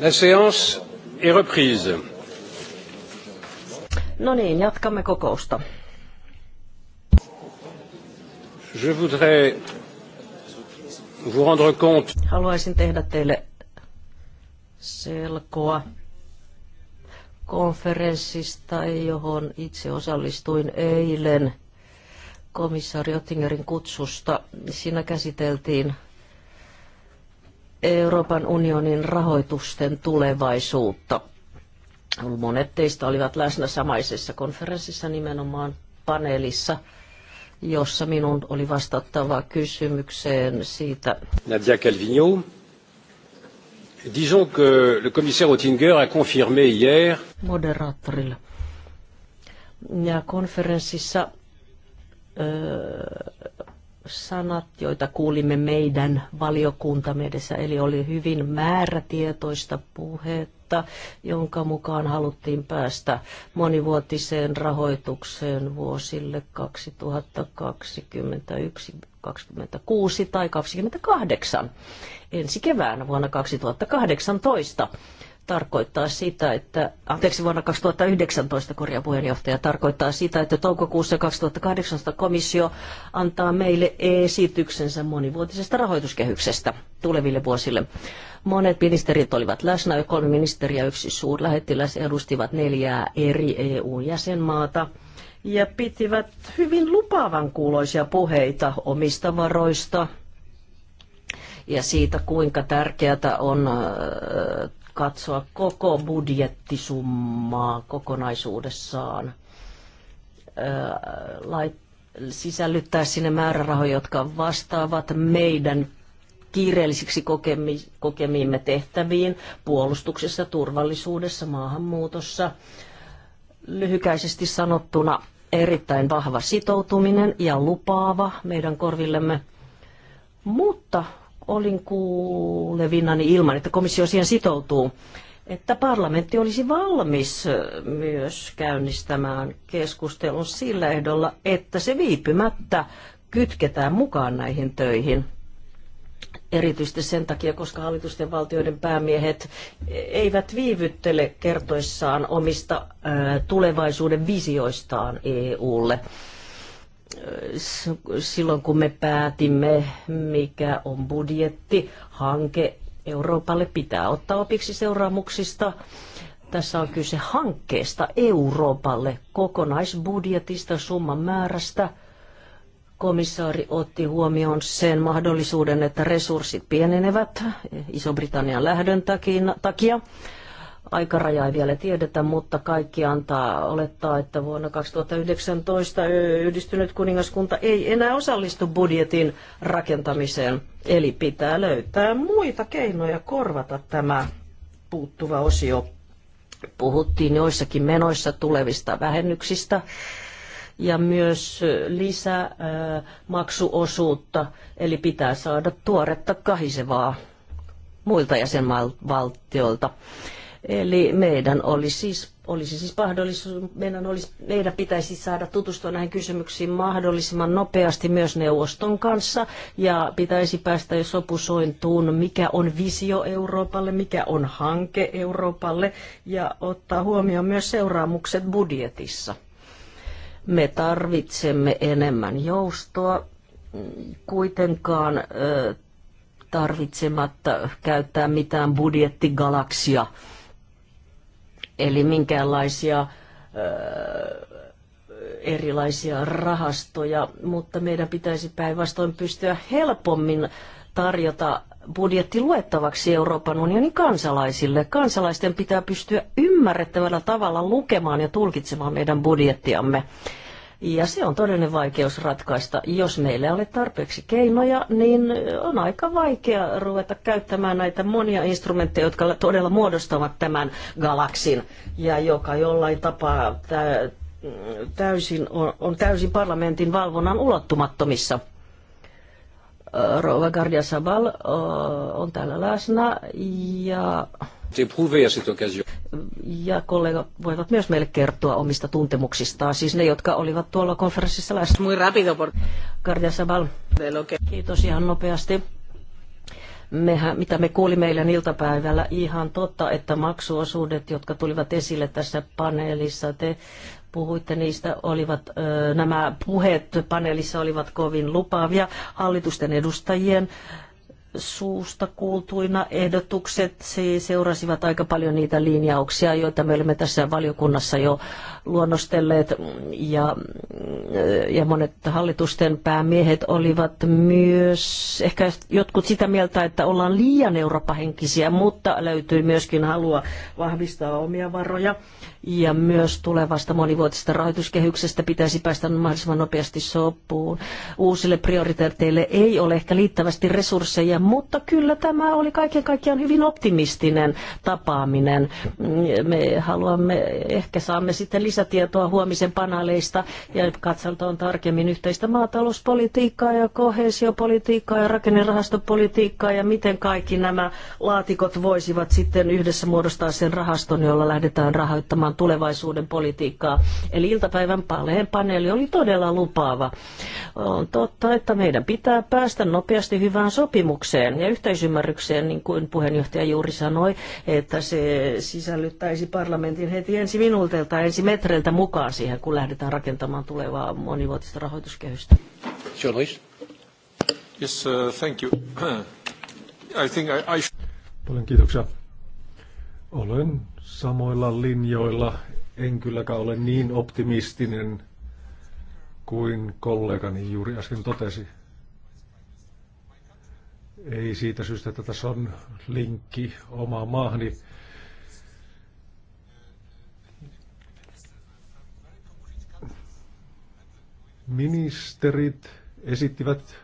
La séance est reprise. No niin, jatkamme kokousta. Je voudrais vous rendre compte. Haluaisin tehdä teille selkoa konferenssista, johon itse osallistuin eilen komissaari Ottingerin kutsusta. Siinä käsiteltiin Euroopan unionin rahoitusten tulevaisuutta. Monet teistä olivat läsnä samaisessa konferenssissa nimenomaan paneelissa, jossa minun oli vastattava kysymykseen siitä. Nadia Calvino. Disons que le commissaire Oettinger a confirmé hier. Moderaattorilla. Ja konferenssissa öö, sanat, joita kuulimme meidän valiokuntamme edessä, eli oli hyvin määrätietoista puhetta, jonka mukaan haluttiin päästä monivuotiseen rahoitukseen vuosille 2021 26 tai 28 ensi keväänä vuonna 2018 tarkoittaa sitä, että, anteeksi vuonna 2019 puheenjohtaja tarkoittaa sitä, että toukokuussa 2018 komissio antaa meille esityksensä monivuotisesta rahoituskehyksestä tuleville vuosille. Monet ministerit olivat läsnä, ja kolme ministeriä, yksi suurlähettiläs edustivat neljää eri EU-jäsenmaata ja pitivät hyvin lupaavan kuuloisia puheita omista varoista, ja siitä, kuinka tärkeää on äh, katsoa koko budjettisummaa kokonaisuudessaan, sisällyttää sinne määrärahoja, jotka vastaavat meidän kiireellisiksi kokemi, kokemiimme tehtäviin puolustuksessa, turvallisuudessa, maahanmuutossa. Lyhykäisesti sanottuna erittäin vahva sitoutuminen ja lupaava meidän korvillemme, mutta olin kuulevinnani ilman, että komissio siihen sitoutuu, että parlamentti olisi valmis myös käynnistämään keskustelun sillä ehdolla, että se viipymättä kytketään mukaan näihin töihin. Erityisesti sen takia, koska hallitusten valtioiden päämiehet eivät viivyttele kertoissaan omista tulevaisuuden visioistaan EUlle. Äh, silloin kun me päätimme, mikä on budjetti, hanke Euroopalle pitää ottaa opiksi seuraamuksista. Tässä on kyse hankkeesta Euroopalle, kokonaisbudjetista, summan määrästä. Komissaari otti huomioon sen mahdollisuuden, että resurssit pienenevät Iso-Britannian lähdön takia. Aikaraja ei vielä tiedetä, mutta kaikki antaa olettaa, että vuonna 2019 yhdistynyt kuningaskunta ei enää osallistu budjetin rakentamiseen. Eli pitää löytää muita keinoja korvata tämä puuttuva osio. Puhuttiin joissakin menoissa tulevista vähennyksistä ja myös lisämaksuosuutta, eli pitää saada tuoretta kahisevaa muilta jäsenvaltioilta. Eli meidän olisi siis, olisi siis mahdollisuus, meidän, olisi, meidän pitäisi saada tutustua näihin kysymyksiin mahdollisimman nopeasti myös neuvoston kanssa ja pitäisi päästä jo sopusointuun, mikä on visio Euroopalle, mikä on hanke Euroopalle ja ottaa huomioon myös seuraamukset budjetissa. Me tarvitsemme enemmän joustoa, kuitenkaan ö, tarvitsematta käyttää mitään budjettigalaksia – Eli minkäänlaisia erilaisia rahastoja, mutta meidän pitäisi päinvastoin pystyä helpommin tarjota budjetti luettavaksi Euroopan unionin kansalaisille. Kansalaisten pitää pystyä ymmärrettävällä tavalla lukemaan ja tulkitsemaan meidän budjettiamme. Ja se on todellinen vaikeus ratkaista. Jos meillä ei ole tarpeeksi keinoja, niin on aika vaikea ruveta käyttämään näitä monia instrumentteja, jotka todella muodostavat tämän galaksin ja joka jollain tapaa täysin, on täysin parlamentin valvonnan ulottumattomissa. Rova Gardia Sabal on täällä läsnä ja ja kollega voivat myös meille kertoa omista tuntemuksistaan, siis ne, jotka olivat tuolla konferenssissa läsnä. Muy rápido, por... Gardia Sabal. Kiitos ihan nopeasti. Mehän, mitä me kuulimme eilen iltapäivällä, ihan totta, että maksuosuudet, jotka tulivat esille tässä paneelissa, te puhuitte niistä, olivat, nämä puheet paneelissa olivat kovin lupaavia hallitusten edustajien suusta kuultuina ehdotukset seurasivat aika paljon niitä linjauksia, joita me olemme tässä valiokunnassa jo luonnostelleet ja, ja monet hallitusten päämiehet olivat myös ehkä jotkut sitä mieltä, että ollaan liian eurooppahenkisiä, mutta löytyi myöskin halua vahvistaa omia varoja ja myös tulevasta monivuotisesta rahoituskehyksestä pitäisi päästä mahdollisimman nopeasti sopuun. Uusille prioriteeteille ei ole ehkä liittävästi resursseja, mutta kyllä tämä oli kaiken kaikkiaan hyvin optimistinen tapaaminen. Me haluamme, ehkä saamme sitten lisätietoa huomisen paneeleista ja katsotaan tarkemmin yhteistä maatalouspolitiikkaa ja kohesiopolitiikkaa ja rakennerahastopolitiikkaa ja miten kaikki nämä laatikot voisivat sitten yhdessä muodostaa sen rahaston, jolla lähdetään rahoittamaan harjoittamaan tulevaisuuden politiikkaa. Eli iltapäivän paleen paneeli oli todella lupaava. On totta, että meidän pitää päästä nopeasti hyvään sopimukseen ja yhteisymmärrykseen, niin kuin puheenjohtaja juuri sanoi, että se sisällyttäisi parlamentin heti ensi minuutelta, ensi metreiltä mukaan siihen, kun lähdetään rakentamaan tulevaa monivuotista rahoituskehystä. Yes, uh, thank you. I think I, I... Paljon kiitoksia. Olen samoilla linjoilla. En kylläkään ole niin optimistinen kuin kollegani juuri äsken totesi. Ei siitä syystä, että tässä on linkki omaa maahani. Ministerit esittivät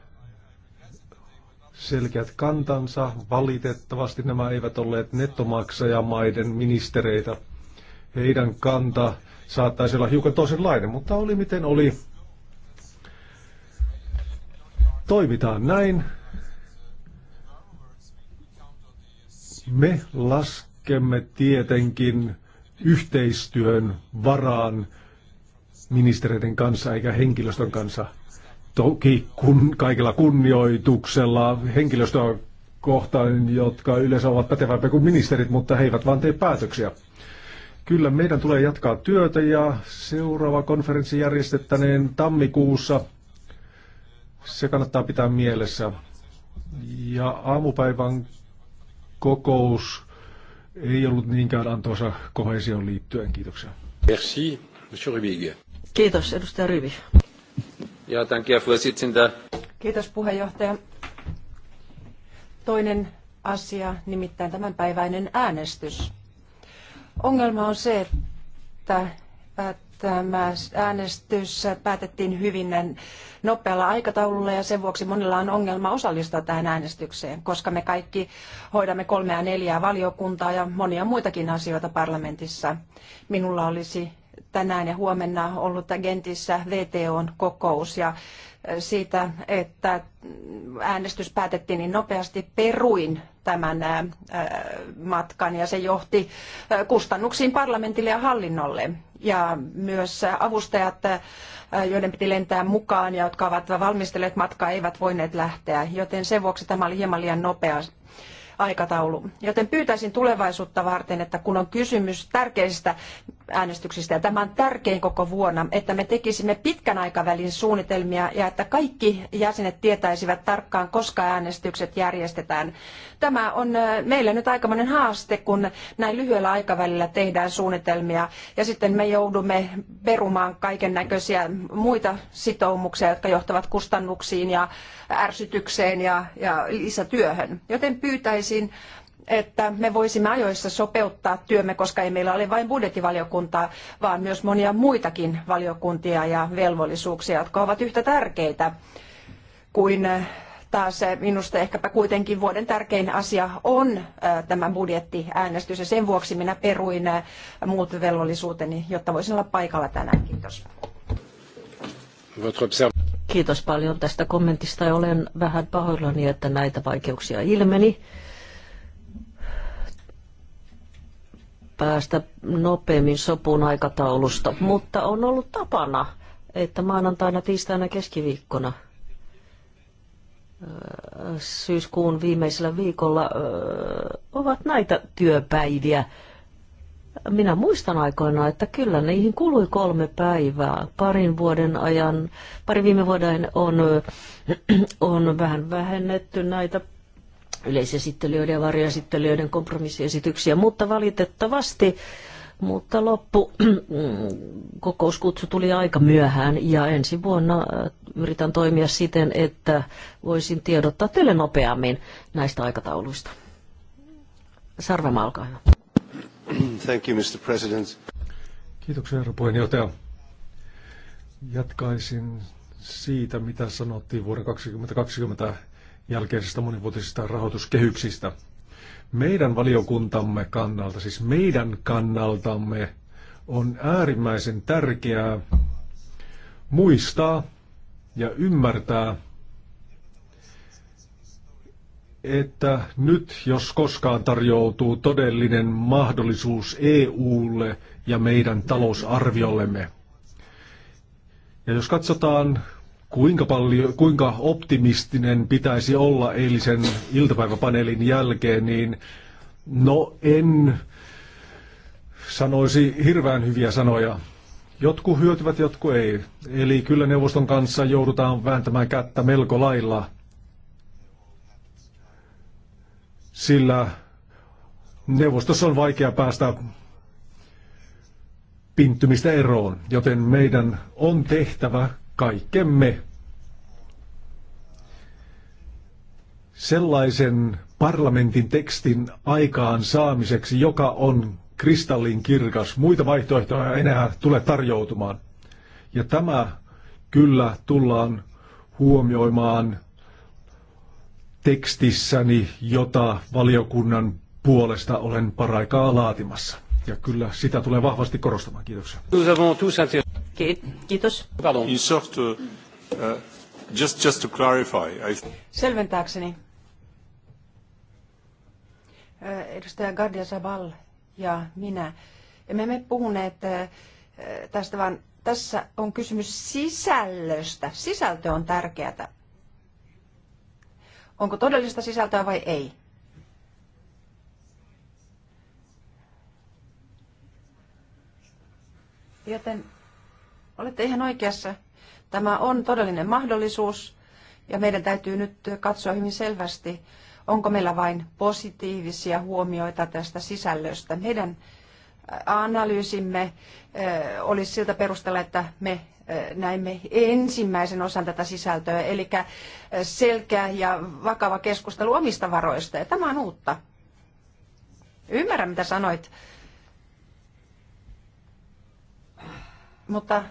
selkeät kantansa. Valitettavasti nämä eivät olleet nettomaksajamaiden ministereitä. Heidän kanta saattaisi olla hiukan toisenlainen, mutta oli miten oli. Toimitaan näin. Me laskemme tietenkin yhteistyön varaan ministereiden kanssa eikä henkilöstön kanssa toki kun, kaikilla kunnioituksella henkilöstöä kohtaan, jotka yleensä ovat pätevämpiä kuin ministerit, mutta he eivät vaan tee päätöksiä. Kyllä meidän tulee jatkaa työtä ja seuraava konferenssi järjestettäneen tammikuussa. Se kannattaa pitää mielessä. Ja aamupäivän kokous ei ollut niinkään antoisa kohesioon liittyen. Kiitoksia. Merci, monsieur Kiitos, edustaja Ryvi. Kiitos puheenjohtaja. Toinen asia, nimittäin tämänpäiväinen äänestys. Ongelma on se, että tämä äänestys päätettiin hyvin nopealla aikataululla ja sen vuoksi monilla on ongelma osallistua tähän äänestykseen, koska me kaikki hoidamme kolmea neljää valiokuntaa ja monia muitakin asioita parlamentissa. Minulla olisi tänään ja huomenna ollut Gentissä VTOn kokous ja siitä, että äänestys päätettiin niin nopeasti, peruin tämän matkan ja se johti kustannuksiin parlamentille ja hallinnolle. Ja myös avustajat, joiden piti lentää mukaan ja jotka ovat valmistelleet matkaa, eivät voineet lähteä, joten sen vuoksi tämä oli hieman liian nopea aikataulu. Joten pyytäisin tulevaisuutta varten, että kun on kysymys tärkeistä äänestyksistä, ja tämä on tärkein koko vuonna, että me tekisimme pitkän aikavälin suunnitelmia ja että kaikki jäsenet tietäisivät tarkkaan, koska äänestykset järjestetään tämä on äh, meille nyt aikamoinen haaste, kun näin lyhyellä aikavälillä tehdään suunnitelmia ja sitten me joudumme perumaan kaiken näköisiä muita sitoumuksia, jotka johtavat kustannuksiin ja ärsytykseen ja, ja lisätyöhön. Joten pyytäisin että me voisimme ajoissa sopeuttaa työmme, koska ei meillä ole vain budjettivaliokuntaa, vaan myös monia muitakin valiokuntia ja velvollisuuksia, jotka ovat yhtä tärkeitä kuin äh, taas eh, minusta ehkäpä kuitenkin vuoden tärkein asia on eh, tämä budjettiäänestys ja sen vuoksi minä peruin eh, muut velvollisuuteni, jotta voisin olla paikalla tänään. Kiitos. Kiitos paljon tästä kommentista. Olen vähän pahoillani, että näitä vaikeuksia ilmeni. Päästä nopeammin sopuun aikataulusta, mutta on ollut tapana, että maanantaina, tiistaina, keskiviikkona – syyskuun viimeisellä viikolla ovat näitä työpäiviä. Minä muistan aikoinaan, että kyllä niihin kului kolme päivää. Parin vuoden ajan, pari viime vuoden on, on vähän vähennetty näitä yleisesittelijöiden ja varjoesittelijöiden kompromissiesityksiä, mutta valitettavasti mutta loppu kokouskutsu tuli aika myöhään ja ensi vuonna yritän toimia siten, että voisin tiedottaa teille nopeammin näistä aikatauluista. Sarve olkaa hyvä. Thank you, Mr. President. Kiitoksia, herra puheenjohtaja. Jatkaisin siitä, mitä sanottiin vuoden 2020 jälkeisestä monivuotisista rahoituskehyksistä. Meidän valiokuntamme kannalta, siis meidän kannaltamme, on äärimmäisen tärkeää muistaa, ja ymmärtää, että nyt jos koskaan tarjoutuu todellinen mahdollisuus EUlle ja meidän talousarviollemme. Ja jos katsotaan, kuinka, paljon, kuinka optimistinen pitäisi olla eilisen iltapäiväpaneelin jälkeen, niin no en sanoisi hirveän hyviä sanoja. Jotkut hyötyvät, jotkut ei. Eli kyllä neuvoston kanssa joudutaan vääntämään kättä melko lailla, sillä neuvostossa on vaikea päästä pinttymistä eroon, joten meidän on tehtävä kaikkemme sellaisen parlamentin tekstin aikaan saamiseksi, joka on kristallin kirkas. Muita vaihtoehtoja ei enää tule tarjoutumaan. Ja tämä kyllä tullaan huomioimaan tekstissäni, jota valiokunnan puolesta olen paraikaa laatimassa. Ja kyllä sitä tulee vahvasti korostamaan. Kiitoksia. Kiitos. Uh, uh, just, just to clarify. I... Selventääkseni. Uh, edustaja Gardia Sabal ja minä. Ja me emme puhuneet äh, tästä, vaan tässä on kysymys sisällöstä. Sisältö on tärkeää. Onko todellista sisältöä vai ei? Joten olette ihan oikeassa. Tämä on todellinen mahdollisuus ja meidän täytyy nyt katsoa hyvin selvästi, onko meillä vain positiivisia huomioita tästä sisällöstä. Meidän äh, analyysimme äh, olisi siltä perusteella, että me äh, näimme ensimmäisen osan tätä sisältöä, eli selkeä ja vakava keskustelu omista varoista. Ja tämä on uutta. Ymmärrän, mitä sanoit. Mutta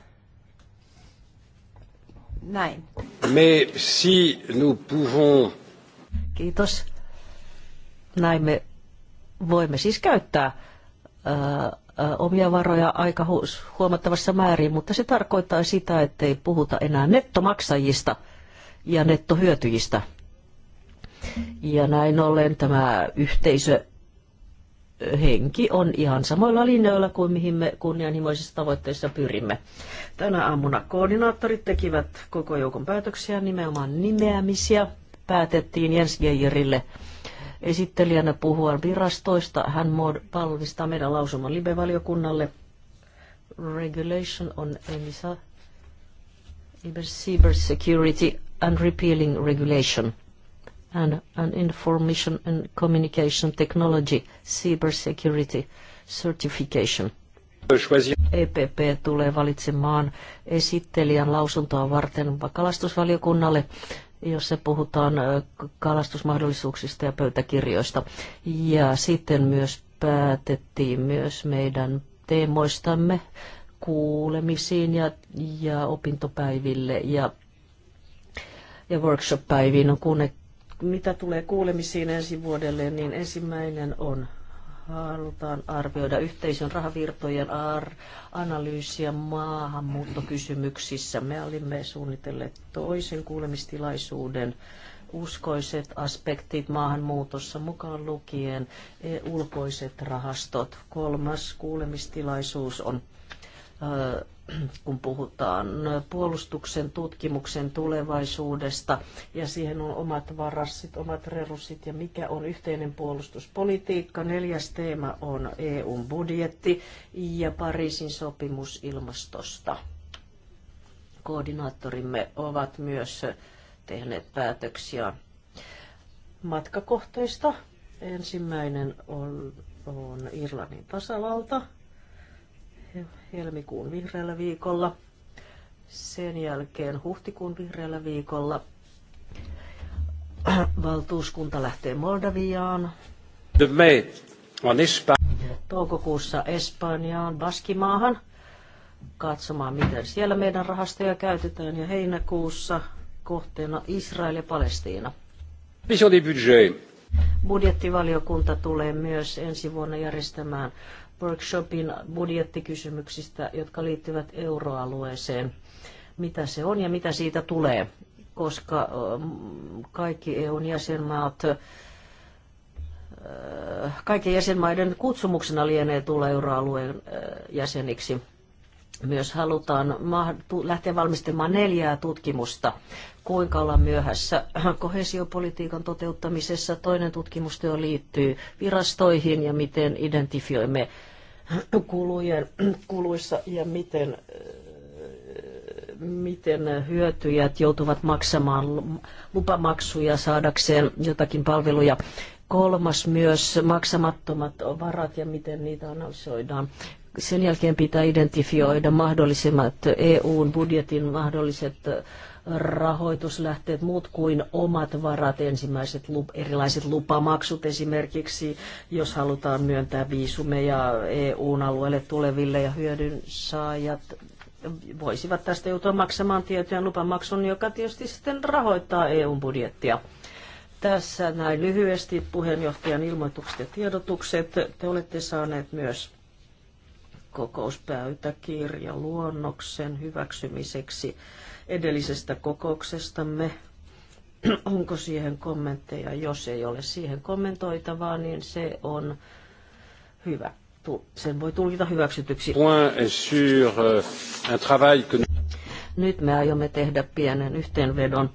näin. Mais si nous pouvons Kiitos. Näin me voimme siis käyttää äh, äh, omia varoja aika huomattavassa määrin, mutta se tarkoittaa sitä, että ei puhuta enää nettomaksajista ja nettohyötyjistä. Ja näin ollen tämä yhteisö henki on ihan samoilla linjoilla kuin mihin me kunnianhimoisissa tavoitteissa pyrimme. Tänä aamuna koordinaattorit tekivät koko joukon päätöksiä, nimenomaan nimeämisiä päätettiin Jens Geijerille esittelijänä puhua virastoista. Hän valmistaa meidän lausuman live-valiokunnalle. Regulation on EMISA, Cyber Security and Repealing Regulation and, an Information and Communication Technology, Cyber Security Certification. EPP tulee valitsemaan esittelijän lausuntoa varten kalastusvaliokunnalle jos se puhutaan kalastusmahdollisuuksista ja pöytäkirjoista. Ja sitten myös päätettiin myös meidän teemoistamme kuulemisiin ja, ja opintopäiville ja, ja workshop-päiviin. No, kun ne, mitä tulee kuulemisiin ensi vuodelle, niin ensimmäinen on halutaan arvioida yhteisön rahavirtojen ar- analyysiä maahanmuuttokysymyksissä. Me olimme suunnitelleet toisen kuulemistilaisuuden uskoiset aspektit maahanmuutossa mukaan lukien ulkoiset rahastot. Kolmas kuulemistilaisuus on kun puhutaan puolustuksen tutkimuksen tulevaisuudesta ja siihen on omat varassit, omat resurssit ja mikä on yhteinen puolustuspolitiikka. Neljäs teema on EUn budjetti ja Pariisin sopimus ilmastosta. Koordinaattorimme ovat myös tehneet päätöksiä matkakohteista. Ensimmäinen on, on Irlannin tasavalta, helmikuun vihreällä viikolla, sen jälkeen huhtikuun vihreällä viikolla. Valtuuskunta lähtee Moldaviaan. Toukokuussa Espanjaan, Baskimaahan, katsomaan miten siellä meidän rahastoja käytetään ja heinäkuussa kohteena Israel ja Palestiina. Budjettivaliokunta tulee myös ensi vuonna järjestämään workshopin budjettikysymyksistä, jotka liittyvät euroalueeseen. Mitä se on ja mitä siitä tulee, koska kaikki EUn jäsenmaat kaikkien jäsenmaiden kutsumuksena lienee tulla euroalueen jäseniksi. Myös halutaan lähteä valmistelemaan neljää tutkimusta, kuinka ollaan myöhässä kohesiopolitiikan toteuttamisessa. Toinen tutkimustyö liittyy virastoihin ja miten identifioimme kulujen, kuluissa ja miten, miten hyötyjät joutuvat maksamaan lupamaksuja saadakseen jotakin palveluja. Kolmas myös maksamattomat varat ja miten niitä analysoidaan. Sen jälkeen pitää identifioida mahdollisimmat EUn budjetin mahdolliset rahoituslähteet muut kuin omat varat, ensimmäiset erilaiset lupamaksut esimerkiksi, jos halutaan myöntää viisumeja EU-alueelle tuleville ja hyödyn saajat voisivat tästä joutua maksamaan tiettyjen lupamaksun, joka tietysti sitten rahoittaa EU-budjettia. Tässä näin lyhyesti puheenjohtajan ilmoitukset ja tiedotukset. Te olette saaneet myös kokouspäytäkirja luonnoksen hyväksymiseksi edellisestä kokouksestamme. Onko siihen kommentteja? Jos ei ole siihen kommentoitavaa, niin se on hyvä. Sen voi tulkita hyväksytyksi. Euh, Nyt me aiomme tehdä pienen yhteenvedon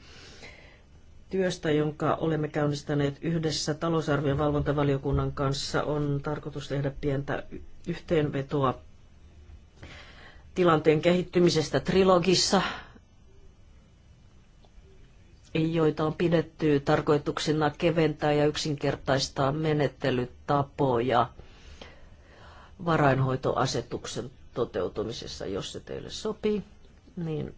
työstä, jonka olemme käynnistäneet yhdessä talousarvion valvontavaliokunnan kanssa, on tarkoitus tehdä pientä yhteenvetoa tilanteen kehittymisestä trilogissa joita on pidetty tarkoituksena keventää ja yksinkertaistaa menettelytapoja varainhoitoasetuksen toteutumisessa, jos se teille sopii, niin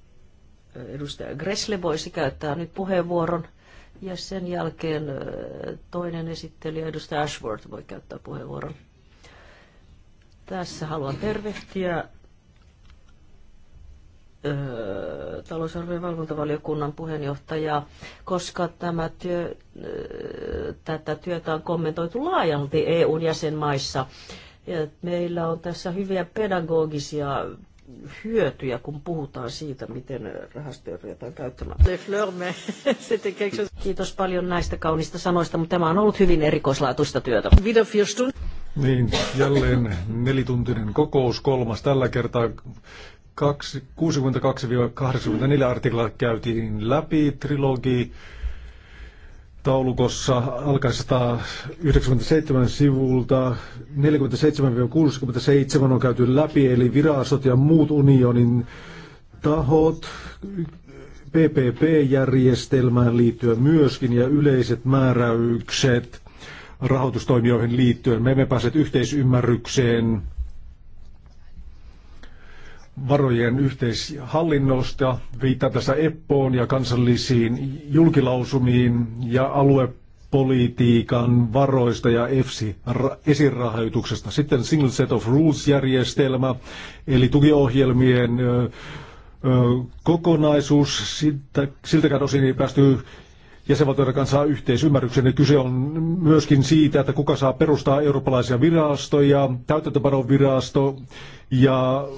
edustaja Gressle voisi käyttää nyt puheenvuoron. Ja sen jälkeen toinen esittelijä, edustaja Ashworth, voi käyttää puheenvuoron. Tässä haluan tervehtiä talousarvion valvontavaliokunnan puheenjohtajaa, koska tämä työ, tätä työtä on kommentoitu laajalti EUn jäsenmaissa. Ja meillä on tässä hyviä pedagogisia hyötyjä, kun puhutaan siitä, miten rahastoja ruvetaan käyttämään. Kiitos paljon näistä kaunista sanoista, mutta tämä on ollut hyvin erikoislaatuista työtä. Niin, jälleen nelituntinen kokous kolmas tällä kertaa 62-84 artikla käytiin läpi trilogi taulukossa alkaisesta 97 sivulta 47-67 on käyty läpi, eli virastot ja muut unionin tahot, PPP-järjestelmään liittyen myöskin ja yleiset määräykset rahoitustoimijoihin liittyen. Me emme pääse yhteisymmärrykseen varojen yhteishallinnosta, viittaa tässä EPPOon ja kansallisiin julkilausumiin ja aluepolitiikan varoista ja EFSI esirahoituksesta. Sitten Single Set of Rules-järjestelmä, eli tukiohjelmien ö, kokonaisuus. Siltä, siltäkään osin ei päästy jäsenvaltioiden kanssa yhteisymmärryksen. Kyse on myöskin siitä, että kuka saa perustaa eurooppalaisia virastoja, täytäntöpanon virasto ja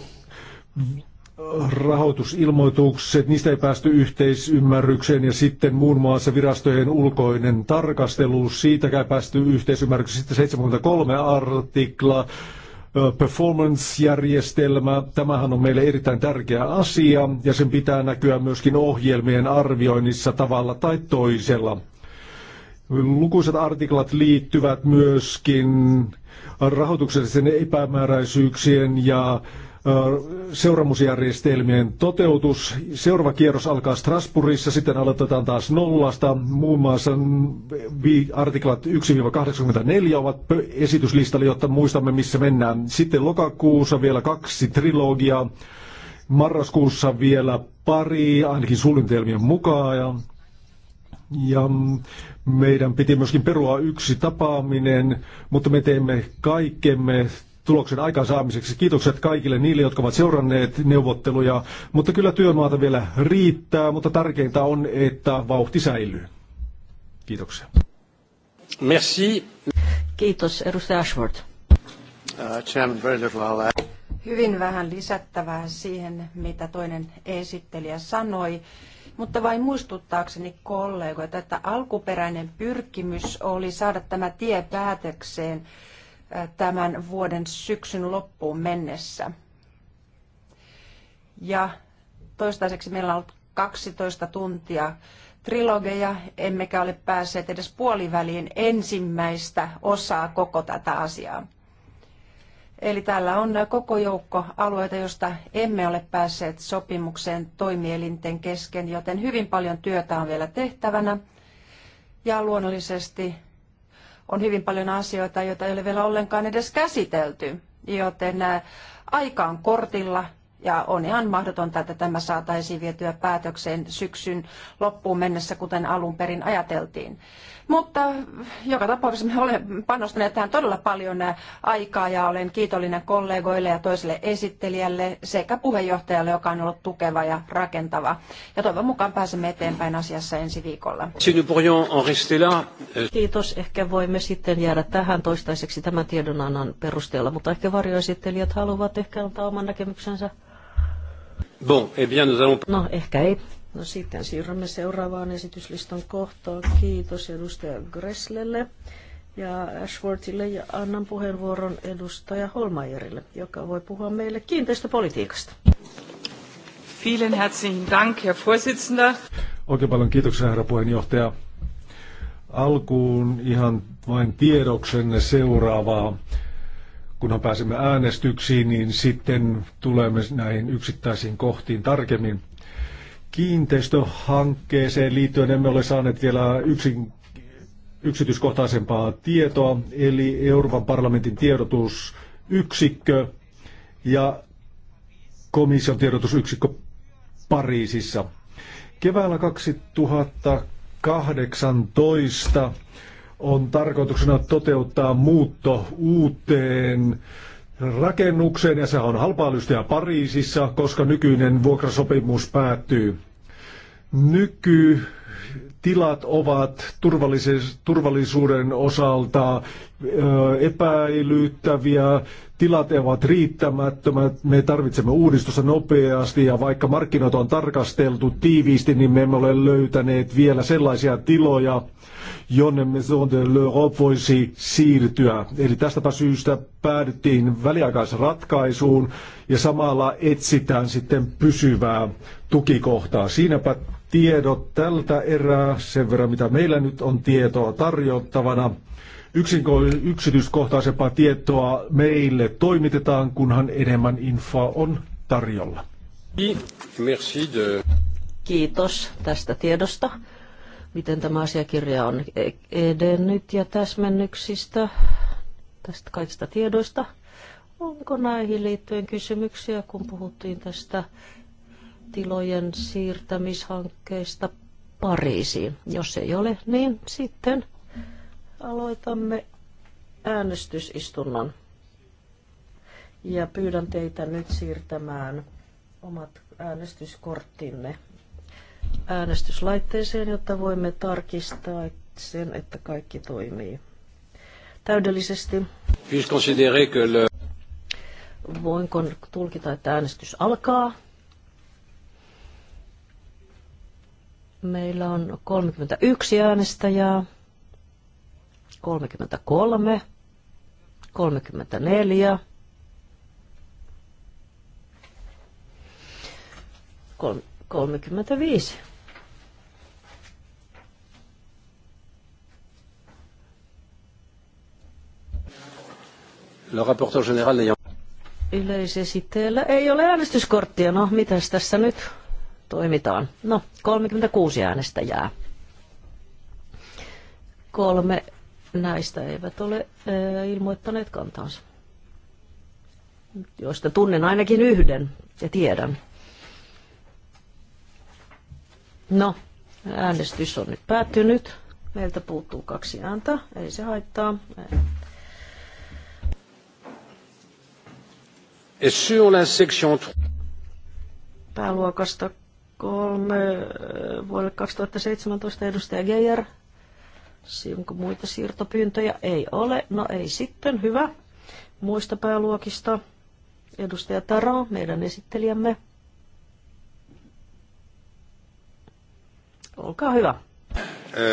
rahoitusilmoitukset, niistä ei päästy yhteisymmärrykseen ja sitten muun muassa virastojen ulkoinen tarkastelu, siitäkään päästy yhteisymmärrykseen. Sitten 73 artikla, performance-järjestelmä, tämähän on meille erittäin tärkeä asia ja sen pitää näkyä myöskin ohjelmien arvioinnissa tavalla tai toisella. Lukuisat artiklat liittyvät myöskin rahoituksellisen epämääräisyyksien ja seuramusjärjestelmien toteutus. Seuraava kierros alkaa Strasbourgissa, sitten aloitetaan taas nollasta. Muun muassa artiklat 1-84 ovat esityslistalla, jotta muistamme missä mennään. Sitten lokakuussa vielä kaksi trilogiaa, marraskuussa vielä pari, ainakin suunnitelmien mukaan. Ja, ja meidän piti myöskin perua yksi tapaaminen, mutta me teemme kaikkemme tuloksen aikaansaamiseksi. Kiitokset kaikille niille, jotka ovat seuranneet neuvotteluja, mutta kyllä työmaata vielä riittää, mutta tärkeintä on, että vauhti säilyy. Kiitoksia. Merci. Kiitos, edustaja Ashford. Uh, Hyvin vähän lisättävää siihen, mitä toinen esittelijä sanoi, mutta vain muistuttaakseni kollegoita, että alkuperäinen pyrkimys oli saada tämä tie päätökseen tämän vuoden syksyn loppuun mennessä. Ja toistaiseksi meillä on ollut 12 tuntia trilogeja, emmekä ole päässeet edes puoliväliin ensimmäistä osaa koko tätä asiaa. Eli täällä on koko joukko alueita, joista emme ole päässeet sopimukseen toimielinten kesken, joten hyvin paljon työtä on vielä tehtävänä. Ja luonnollisesti on hyvin paljon asioita, joita ei ole vielä ollenkaan edes käsitelty, joten aika on kortilla ja on ihan mahdotonta, että tämä saataisiin vietyä päätökseen syksyn loppuun mennessä, kuten alun perin ajateltiin. Mutta joka tapauksessa me olemme panostaneet tähän todella paljon aikaa ja olen kiitollinen kollegoille ja toiselle esittelijälle sekä puheenjohtajalle, joka on ollut tukeva ja rakentava. Ja toivon mukaan pääsemme eteenpäin asiassa ensi viikolla. Euh, Kiitos. Ehkä voimme sitten jäädä tähän toistaiseksi tämän tiedonannon perusteella, mutta ehkä varjoesittelijät haluavat ehkä antaa oman näkemyksensä. Bon, eh bien, nous allons... No, ehkä ei. No sitten siirrymme seuraavaan esityslistan kohtaan. Kiitos edustaja Gresslelle ja Ashworthille ja annan puheenvuoron edustaja Holmajerille, joka voi puhua meille kiinteistöpolitiikasta. Vielen herzlichen Dank, Herr Vorsitzender. Oikein paljon kiitoksia, herra puheenjohtaja. Alkuun ihan vain tiedoksenne seuraavaa kunhan pääsemme äänestyksiin, niin sitten tulemme näihin yksittäisiin kohtiin tarkemmin. Kiinteistöhankkeeseen liittyen emme ole saaneet vielä yksin, yksityiskohtaisempaa tietoa, eli Euroopan parlamentin tiedotusyksikkö ja komission tiedotusyksikkö Pariisissa. Keväällä 2018 on tarkoituksena toteuttaa muutto uuteen rakennukseen ja se on halpailustaja Pariisissa, koska nykyinen vuokrasopimus päättyy. Nyky tilat ovat turvallisuuden osalta epäilyttäviä, tilat ovat riittämättömät, me tarvitsemme uudistusta nopeasti ja vaikka markkinoita on tarkasteltu tiiviisti, niin me emme ole löytäneet vielä sellaisia tiloja, jonne me de l'Europe voisi siirtyä. Eli tästäpä syystä päädyttiin väliaikaisratkaisuun ja samalla etsitään sitten pysyvää tukikohtaa. Siinäpä tiedot tältä erää, sen verran mitä meillä nyt on tietoa tarjottavana. Yksityiskohtaisempaa tietoa meille toimitetaan, kunhan enemmän infoa on tarjolla. Kiitos tästä tiedosta miten tämä asiakirja on edennyt ja täsmennyksistä, tästä kaikista tiedoista. Onko näihin liittyen kysymyksiä, kun puhuttiin tästä tilojen siirtämishankkeesta Pariisiin? Jos ei ole, niin sitten aloitamme äänestysistunnon. Ja pyydän teitä nyt siirtämään omat äänestyskorttinne äänestyslaitteeseen, jotta voimme tarkistaa sen, että kaikki toimii täydellisesti. Voinko tulkita, että äänestys alkaa? Meillä on 31 äänestäjää, 33, 34, 35. Le rapporteur général ayant... Yleisesitteellä ei ole äänestyskorttia. No, mitäs tässä nyt toimitaan? No, 36 äänestäjää. Kolme näistä eivät ole äh, ilmoittaneet kantansa, joista tunnen ainakin yhden ja tiedän. No, äänestys on nyt päättynyt. Meiltä puuttuu kaksi ääntä, ei se haittaa. Pääluokasta kolme vuodelle 2017 edustaja Geijer. Onko muita siirtopyyntöjä? Ei ole. No ei sitten. Hyvä. Muista pääluokista. Edustaja Taro, meidän esittelijämme. Olkaa hyvä.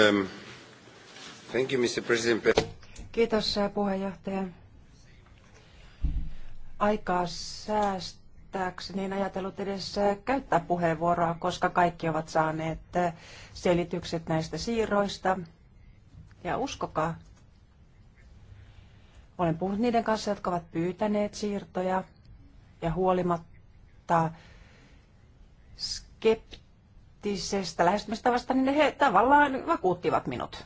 Um, thank you, Mr. President. Kiitos äh, puheenjohtaja aikaa säästääkseni en ajatellut edes äh, käyttää puheenvuoroa, koska kaikki ovat saaneet äh, selitykset näistä siirroista. Ja uskokaa, olen puhunut niiden kanssa, jotka ovat pyytäneet siirtoja ja huolimatta skeptisestä lähestymistavasta, niin he tavallaan vakuuttivat minut.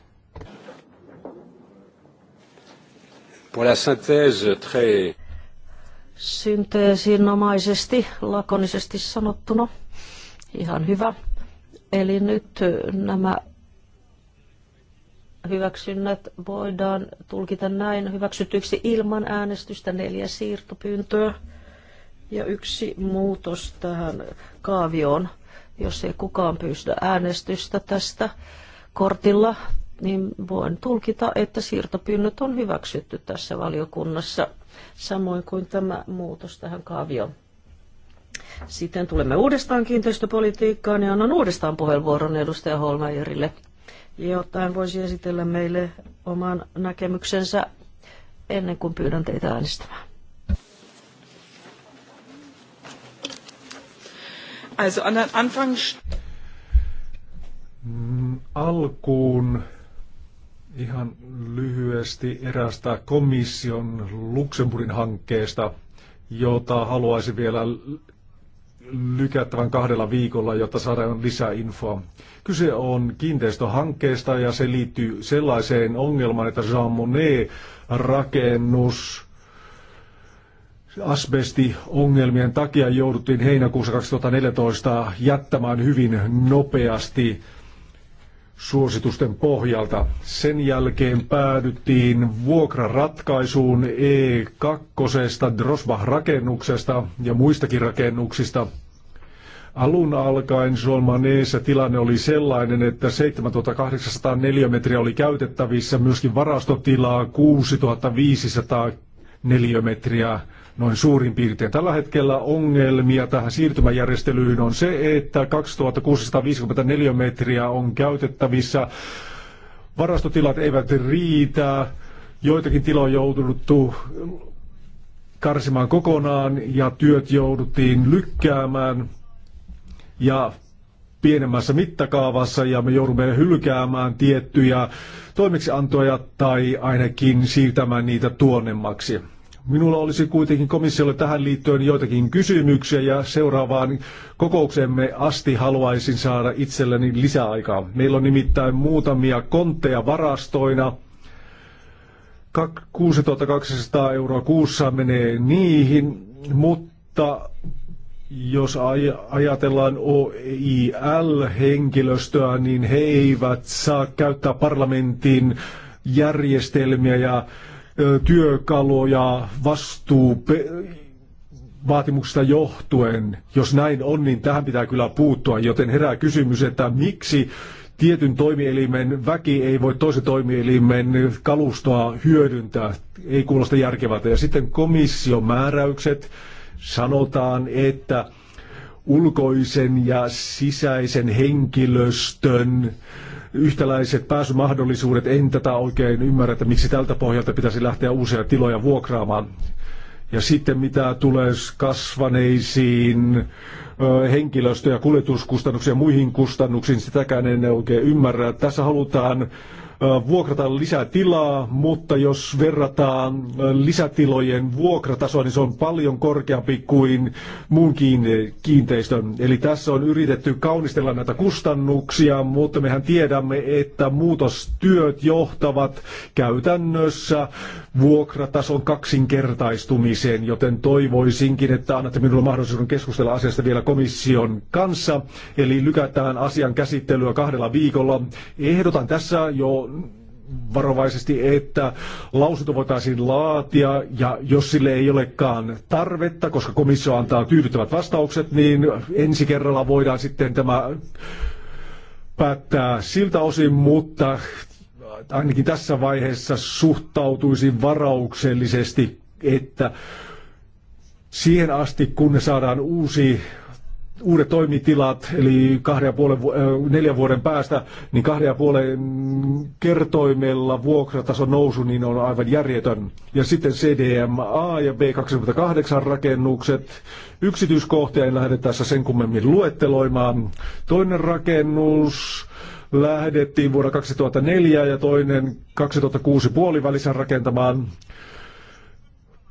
Pour la synthèse très synteesinomaisesti, lakonisesti sanottuna. Ihan hyvä. Eli nyt nämä hyväksynnät voidaan tulkita näin hyväksytyksi ilman äänestystä neljä siirtopyyntöä ja yksi muutos tähän kaavioon. Jos ei kukaan pyydä äänestystä tästä kortilla, niin voin tulkita, että siirtopyynnöt on hyväksytty tässä valiokunnassa samoin kuin tämä muutos tähän kaavioon. Sitten tulemme uudestaan kiinteistöpolitiikkaan ja annan uudestaan puheenvuoron edustaja Holmajerille, jotta hän voisi esitellä meille oman näkemyksensä ennen kuin pyydän teitä äänestämään. Also an Anfang... Mm, alkuun Ihan lyhyesti erästä komission Luxemburgin hankkeesta, jota haluaisin vielä lykättävän kahdella viikolla, jotta saadaan lisää infoa. Kyse on kiinteistöhankkeesta ja se liittyy sellaiseen ongelmaan, että Jean Monnet-rakennus asbestiongelmien takia jouduttiin heinäkuussa 2014 jättämään hyvin nopeasti suositusten pohjalta. Sen jälkeen päädyttiin vuokraratkaisuun E2, Drosbach-rakennuksesta ja muistakin rakennuksista. Alun alkaen Solmaneessa tilanne oli sellainen, että 7804 metriä oli käytettävissä, myöskin varastotilaa 6500 neliömetriä noin suurin piirtein. Tällä hetkellä ongelmia tähän siirtymäjärjestelyyn on se, että 2654 metriä on käytettävissä. Varastotilat eivät riitä. Joitakin tiloja on jouduttu karsimaan kokonaan ja työt jouduttiin lykkäämään. Ja pienemmässä mittakaavassa ja me joudumme hylkäämään tiettyjä toimeksiantoja tai ainakin siirtämään niitä tuonnemmaksi. Minulla olisi kuitenkin komissiolle tähän liittyen joitakin kysymyksiä ja seuraavaan kokouksemme asti haluaisin saada itselleni lisäaikaa. Meillä on nimittäin muutamia kontteja varastoina. 6200 euroa kuussa menee niihin, mutta jos ajatellaan OIL-henkilöstöä, niin he eivät saa käyttää parlamentin järjestelmiä ja työkaluja vastuu vaatimuksista johtuen. Jos näin on, niin tähän pitää kyllä puuttua, joten herää kysymys, että miksi tietyn toimielimen väki ei voi toisen toimielimen kalustoa hyödyntää. Ei kuulosta järkevältä. Ja sitten komission määräykset sanotaan, että ulkoisen ja sisäisen henkilöstön yhtäläiset pääsymahdollisuudet. En tätä oikein ymmärrä, että miksi tältä pohjalta pitäisi lähteä uusia tiloja vuokraamaan. Ja sitten mitä tulee kasvaneisiin henkilöstö- ja kuljetuskustannuksiin ja muihin kustannuksiin, sitäkään en oikein ymmärrä. Tässä halutaan vuokrata lisää tilaa, mutta jos verrataan lisätilojen vuokratasoa, niin se on paljon korkeampi kuin muun kiinteistön. Eli tässä on yritetty kaunistella näitä kustannuksia, mutta mehän tiedämme, että muutostyöt johtavat käytännössä vuokratason kaksinkertaistumiseen, joten toivoisinkin, että annatte minulle mahdollisuuden keskustella asiasta vielä komission kanssa, eli lykätään asian käsittelyä kahdella viikolla. Ehdotan tässä jo varovaisesti, että lausunto voitaisiin laatia ja jos sille ei olekaan tarvetta, koska komissio antaa tyydyttävät vastaukset, niin ensi kerralla voidaan sitten tämä päättää siltä osin, mutta ainakin tässä vaiheessa suhtautuisin varauksellisesti, että siihen asti, kun saadaan uusi uudet toimitilat, eli kahden ja puolen, äh, neljän vuoden päästä, niin kahden ja puolen kertoimella vuokratason nousu niin on aivan järjetön. Ja sitten CDMA ja B28 rakennukset. Yksityiskohtia en lähde tässä sen kummemmin luetteloimaan. Toinen rakennus, lähdettiin vuonna 2004 ja toinen 2006 puolivälissä rakentamaan.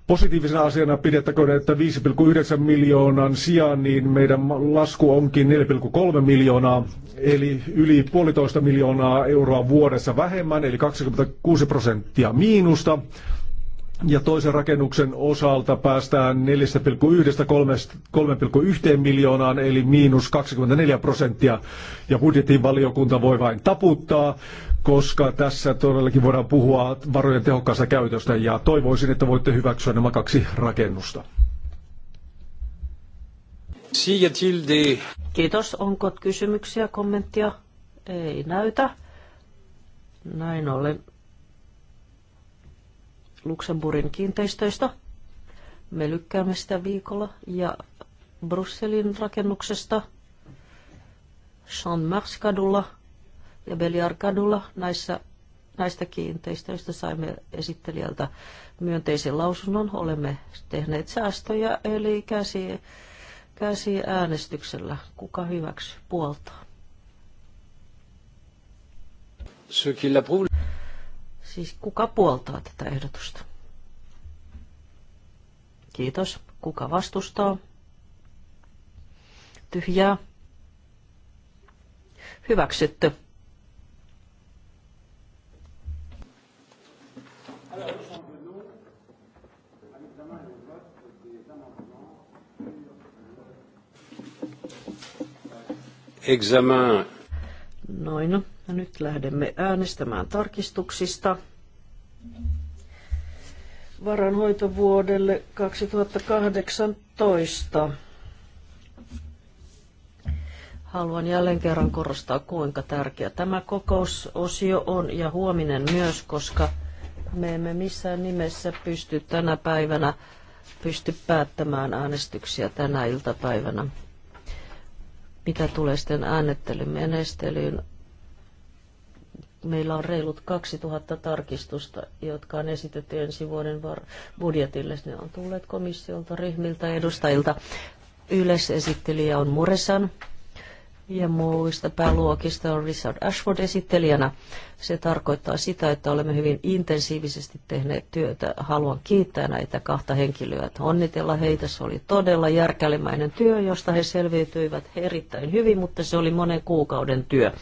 Positiivisena asiana pidettäköön, että 5,9 miljoonan sijaan niin meidän lasku onkin 4,3 miljoonaa, eli yli puolitoista miljoonaa euroa vuodessa vähemmän, eli 26 prosenttia miinusta. Ja toisen rakennuksen osalta päästään 4,1-3,1 miljoonaan, eli miinus 24 prosenttia. Ja valiokunta voi vain taputtaa, koska tässä todellakin voidaan puhua varojen tehokkaasta käytöstä. Ja toivoisin, että voitte hyväksyä nämä kaksi rakennusta. Kiitos. Onko kysymyksiä, kommenttia? Ei näytä. Näin ollen Luxemburgin kiinteistöistä. Me lykkäämme sitä viikolla. Ja Brusselin rakennuksesta, Jean-Marx-kadulla ja Beliard kadulla näissä näistä kiinteistöistä saimme esittelijältä myönteisen lausunnon. Olemme tehneet säästöjä, eli käsi, käsi äänestyksellä. Kuka hyväksy puoltaa? Siis kuka puoltaa tätä ehdotusta? Kiitos. Kuka vastustaa? Tyhjää. Hyväksytty. Examen. Noin, no, nyt lähdemme äänestämään tarkistuksista varanhoitovuodelle 2018. Haluan jälleen kerran korostaa, kuinka tärkeä tämä kokousosio on ja huominen myös, koska me emme missään nimessä pysty tänä päivänä pysty päättämään äänestyksiä tänä iltapäivänä. Mitä tulee sitten äänettelymenestelyyn, menestelyyn, meillä on reilut 2000 tarkistusta, jotka on esitetty ensi vuoden budjetille. Ne on tulleet komissiolta, ryhmiltä, edustajilta. Yleisesittelijä on Muresan ja muista pääluokista on Richard Ashford esittelijänä. Se tarkoittaa sitä, että olemme hyvin intensiivisesti tehneet työtä. Haluan kiittää näitä kahta henkilöä, onnitella heitä. Se oli todella järkälemäinen työ, josta he selviytyivät erittäin hyvin, mutta se oli monen kuukauden työ.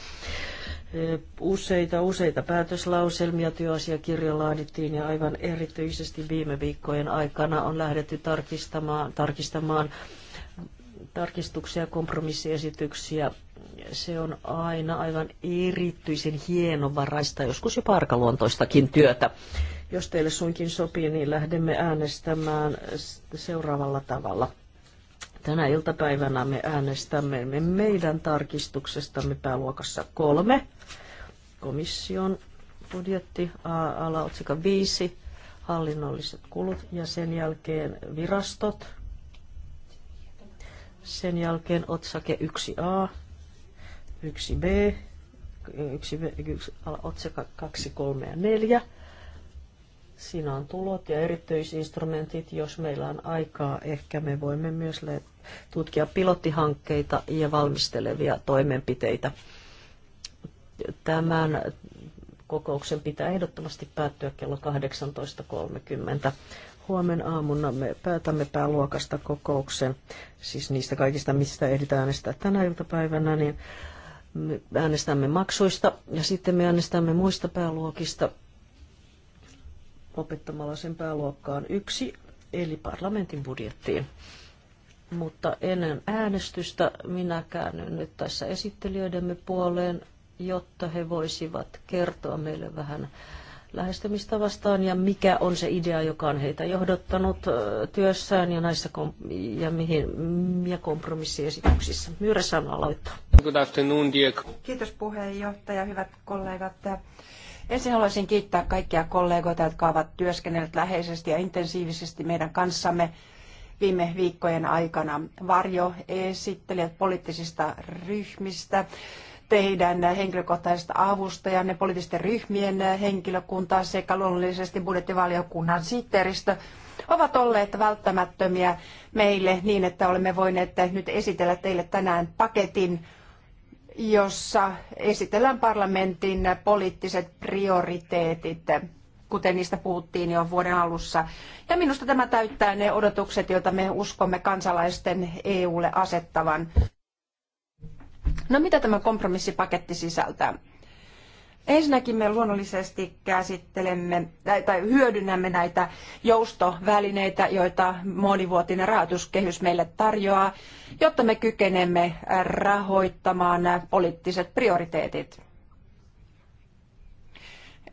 Useita, useita päätöslauselmia työasiakirja laadittiin ja aivan erityisesti viime viikkojen aikana on lähdetty tarkistamaan, tarkistamaan tarkistuksia ja kompromissiesityksiä. Se on aina aivan erityisen hienovaraista, joskus jo parkaluontoistakin työtä. Jos teille suinkin sopii, niin lähdemme äänestämään seuraavalla tavalla. Tänä iltapäivänä me äänestämme meidän tarkistuksestamme pääluokassa kolme. Komission budjetti, alaotsikon viisi, hallinnolliset kulut ja sen jälkeen virastot. Sen jälkeen otsake 1a, 1b, 1b 1, otsaka 2, 3 ja 4 Siinä on tulot ja erityisinstrumentit. Jos meillä on aikaa, ehkä me voimme myös tutkia pilottihankkeita ja valmistelevia toimenpiteitä. Tämän kokouksen pitää ehdottomasti päättyä kello 18.30. Huomenna aamuna me päätämme pääluokasta kokouksen, siis niistä kaikista, mistä ehditään äänestää tänä iltapäivänä, niin me äänestämme maksuista ja sitten me äänestämme muista pääluokista opettamalla sen pääluokkaan yksi, eli parlamentin budjettiin. Mutta ennen äänestystä minä käännyn nyt tässä esittelijöidemme puoleen, jotta he voisivat kertoa meille vähän lähestymistä vastaan ja mikä on se idea, joka on heitä johdottanut työssään ja näissä kom- ja mihin ja kompromissiesityksissä. Myyrä sanoo aloittaa. Good afternoon, Kiitos puheenjohtaja, hyvät kollegat. Ensin haluaisin kiittää kaikkia kollegoita, jotka ovat työskennelleet läheisesti ja intensiivisesti meidän kanssamme viime viikkojen aikana. Varjo esittelijät poliittisista ryhmistä, teidän henkilökohtaiset avustajanne, poliittisten ryhmien henkilökuntaa sekä luonnollisesti budjettivaliokunnan sihteeristö ovat olleet välttämättömiä meille niin, että olemme voineet nyt esitellä teille tänään paketin jossa esitellään parlamentin poliittiset prioriteetit, kuten niistä puhuttiin jo vuoden alussa. Ja minusta tämä täyttää ne odotukset, joita me uskomme kansalaisten EUlle asettavan. No mitä tämä kompromissipaketti sisältää? Ensinnäkin me luonnollisesti käsittelemme tai hyödynnämme näitä joustovälineitä, joita monivuotinen rahoituskehys meille tarjoaa, jotta me kykenemme rahoittamaan nämä poliittiset prioriteetit.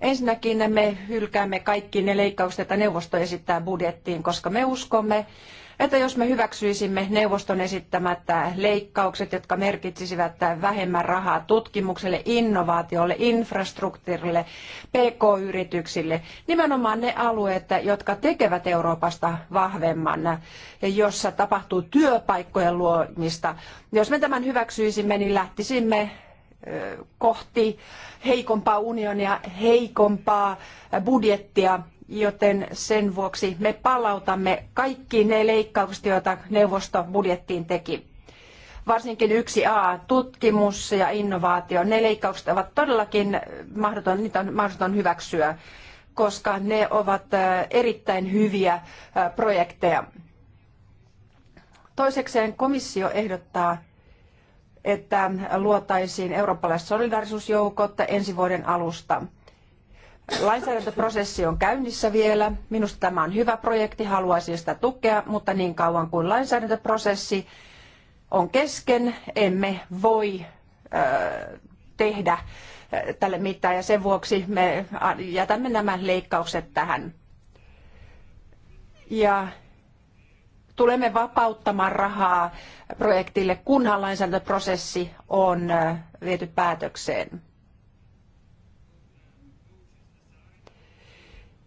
Ensinnäkin me hylkäämme kaikki ne leikkaukset, joita neuvosto esittää budjettiin, koska me uskomme, että jos me hyväksyisimme neuvoston esittämät leikkaukset, jotka merkitsisivät vähemmän rahaa tutkimukselle, innovaatiolle, infrastruktuurille, pk-yrityksille, nimenomaan ne alueet, jotka tekevät Euroopasta vahvemman, jossa tapahtuu työpaikkojen luomista. Jos me tämän hyväksyisimme, niin lähtisimme kohti heikompaa unionia, heikompaa budjettia joten sen vuoksi me palautamme kaikki ne leikkaukset, joita neuvosto budjettiin teki. Varsinkin yksi a tutkimus ja innovaatio. Ne leikkaukset ovat todellakin mahdoton, niitä on mahdoton hyväksyä, koska ne ovat erittäin hyviä projekteja. Toisekseen komissio ehdottaa että luotaisiin eurooppalaiset solidarisuusjoukot ensi vuoden alusta – Lainsäädäntöprosessi on käynnissä vielä. Minusta tämä on hyvä projekti, haluaisin sitä tukea, mutta niin kauan kuin lainsäädäntöprosessi on kesken, emme voi tehdä tälle mitään ja sen vuoksi me jätämme nämä leikkaukset tähän. Ja tulemme vapauttamaan rahaa projektille, kunhan lainsäädäntöprosessi on viety päätökseen.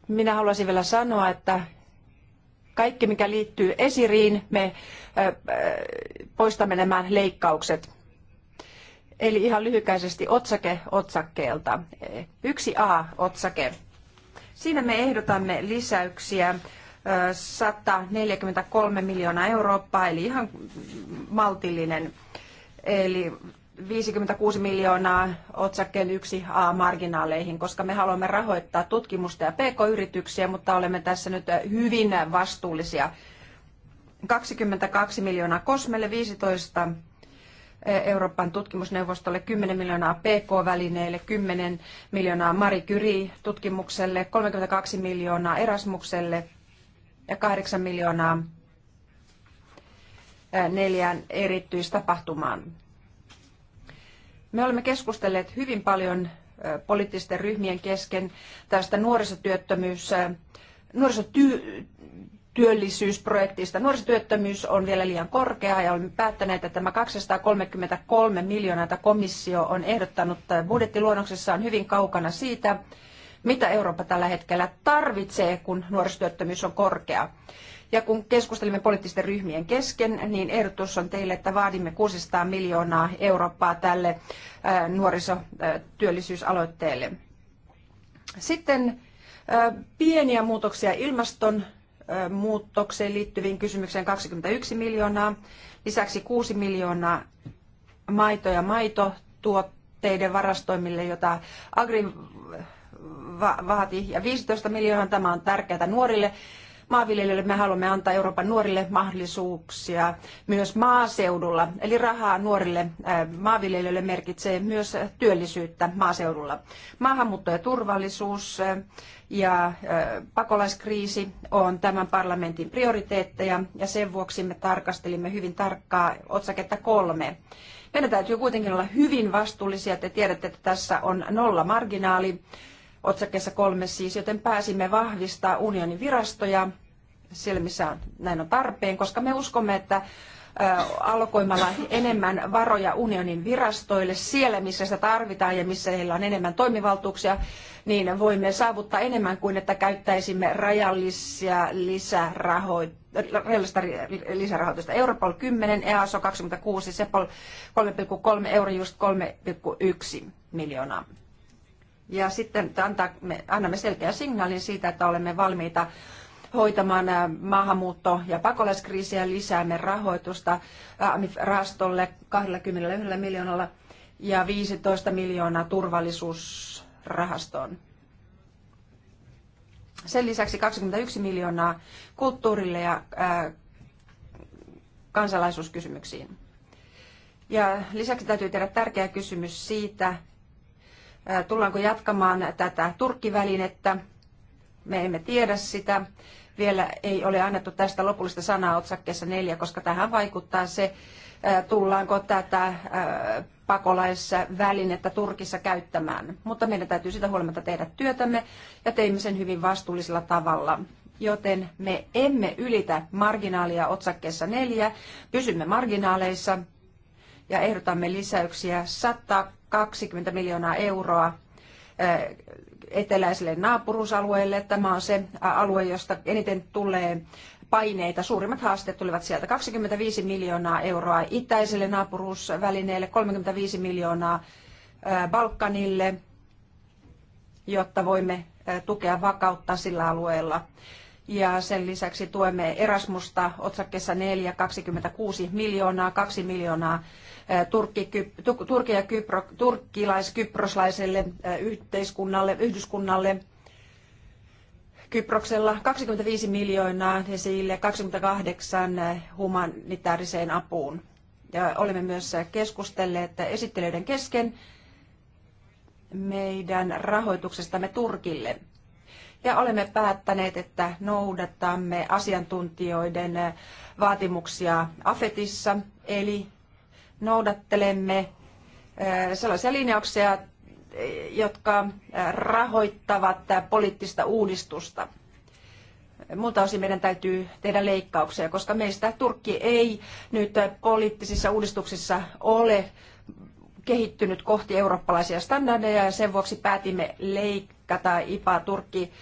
Minä haluaisin vielä sanoa, että kaikki mikä liittyy esiriin, me poistamme nämä leikkaukset. Eli ihan lyhykäisesti otsake otsakkeelta. Yksi a otsake. Siinä me ehdotamme lisäyksiä 143 miljoonaa Eurooppaa, eli ihan maltillinen. Eli 56 miljoonaa otsakkeen 1a marginaaleihin, koska me haluamme rahoittaa tutkimusta ja pk-yrityksiä, mutta olemme tässä nyt hyvin vastuullisia. 22 miljoonaa Kosmelle, 15 Euroopan tutkimusneuvostolle, 10 miljoonaa PK-välineille, 10 miljoonaa Marie Curie-tutkimukselle, 32 miljoonaa Erasmukselle ja 8 miljoonaa neljään erityistapahtumaan. Me olemme keskustelleet hyvin paljon poliittisten ryhmien kesken tästä nuorisotyöttömyys, nuorisotyöllisyysprojektista. Nuorisotyöttömyys on vielä liian korkea ja olemme päättäneet, että tämä 233 miljoonaa, jota komissio on ehdottanut budjettiluonnoksessa, on hyvin kaukana siitä, mitä Eurooppa tällä hetkellä tarvitsee, kun nuorisotyöttömyys on korkea. Ja kun keskustelimme poliittisten ryhmien kesken, niin ehdotus on teille, että vaadimme 600 miljoonaa Eurooppaa tälle nuorisotyöllisyysaloitteelle. Sitten pieniä muutoksia ilmaston muutokseen liittyviin kysymykseen 21 miljoonaa, lisäksi 6 miljoonaa maito- ja maitotuotteiden varastoimille, jota Agri vaati, ja 15 miljoonaa. Tämä on tärkeää nuorille maanviljelijöille me haluamme antaa Euroopan nuorille mahdollisuuksia myös maaseudulla. Eli rahaa nuorille maanviljelijöille merkitsee myös työllisyyttä maaseudulla. Maahanmuutto ja turvallisuus ja pakolaiskriisi on tämän parlamentin prioriteetteja ja sen vuoksi me tarkastelimme hyvin tarkkaa otsaketta kolme. Meidän täytyy kuitenkin olla hyvin vastuullisia. Te tiedätte, että tässä on nolla marginaali otsakkeessa kolme siis, joten pääsimme vahvistaa unionin virastoja siellä, missä näin on tarpeen, koska me uskomme, että alkoimalla enemmän varoja unionin virastoille siellä, missä sitä tarvitaan ja missä heillä on enemmän toimivaltuuksia, niin voimme saavuttaa enemmän kuin, että käyttäisimme rajallisia lisärahoitteita rajallista lisärahoitusta. Europol 10, EASO 26, Sepol 3,3, Eurojust 3,1 miljoonaa. Ja sitten antaa, me annamme selkeän signaalin siitä, että olemme valmiita hoitamaan maahanmuutto- ja pakolaiskriisiä, lisäämme rahoitusta rahastolle 21 miljoonalla ja 15 miljoonaa turvallisuusrahastoon. Sen lisäksi 21 miljoonaa kulttuurille ja ää, kansalaisuuskysymyksiin. Ja lisäksi täytyy tehdä tärkeä kysymys siitä, Tullaanko jatkamaan tätä turkkivälinettä? Me emme tiedä sitä. Vielä ei ole annettu tästä lopullista sanaa otsakkeessa neljä, koska tähän vaikuttaa se, tullaanko tätä pakolaisvälinettä Turkissa käyttämään. Mutta meidän täytyy sitä huolimatta tehdä työtämme ja teimme sen hyvin vastuullisella tavalla. Joten me emme ylitä marginaalia otsakkeessa neljä, pysymme marginaaleissa ja ehdotamme lisäyksiä 100 20 miljoonaa euroa eteläiselle naapuruusalueelle. Tämä on se alue, josta eniten tulee paineita. Suurimmat haasteet tulivat sieltä 25 miljoonaa euroa itäiselle naapuruusvälineelle, 35 miljoonaa Balkanille, jotta voimme tukea vakautta sillä alueella. Ja sen lisäksi tuemme Erasmusta otsakkeessa 4, 26 miljoonaa, 2 miljoonaa Turkki, ja Kypro, turkkilais-kyproslaiselle yhteiskunnalle, yhdyskunnalle. Kyproksella 25 miljoonaa ja sille 28 humanitaariseen apuun. Ja olemme myös keskustelleet esittelyiden kesken meidän rahoituksestamme Turkille. Ja olemme päättäneet, että noudatamme asiantuntijoiden vaatimuksia AFETissa, eli noudattelemme sellaisia linjauksia, jotka rahoittavat poliittista uudistusta. Muilta osin meidän täytyy tehdä leikkauksia, koska meistä Turkki ei nyt poliittisissa uudistuksissa ole kehittynyt kohti eurooppalaisia standardeja ja sen vuoksi päätimme leikata IPA Turkki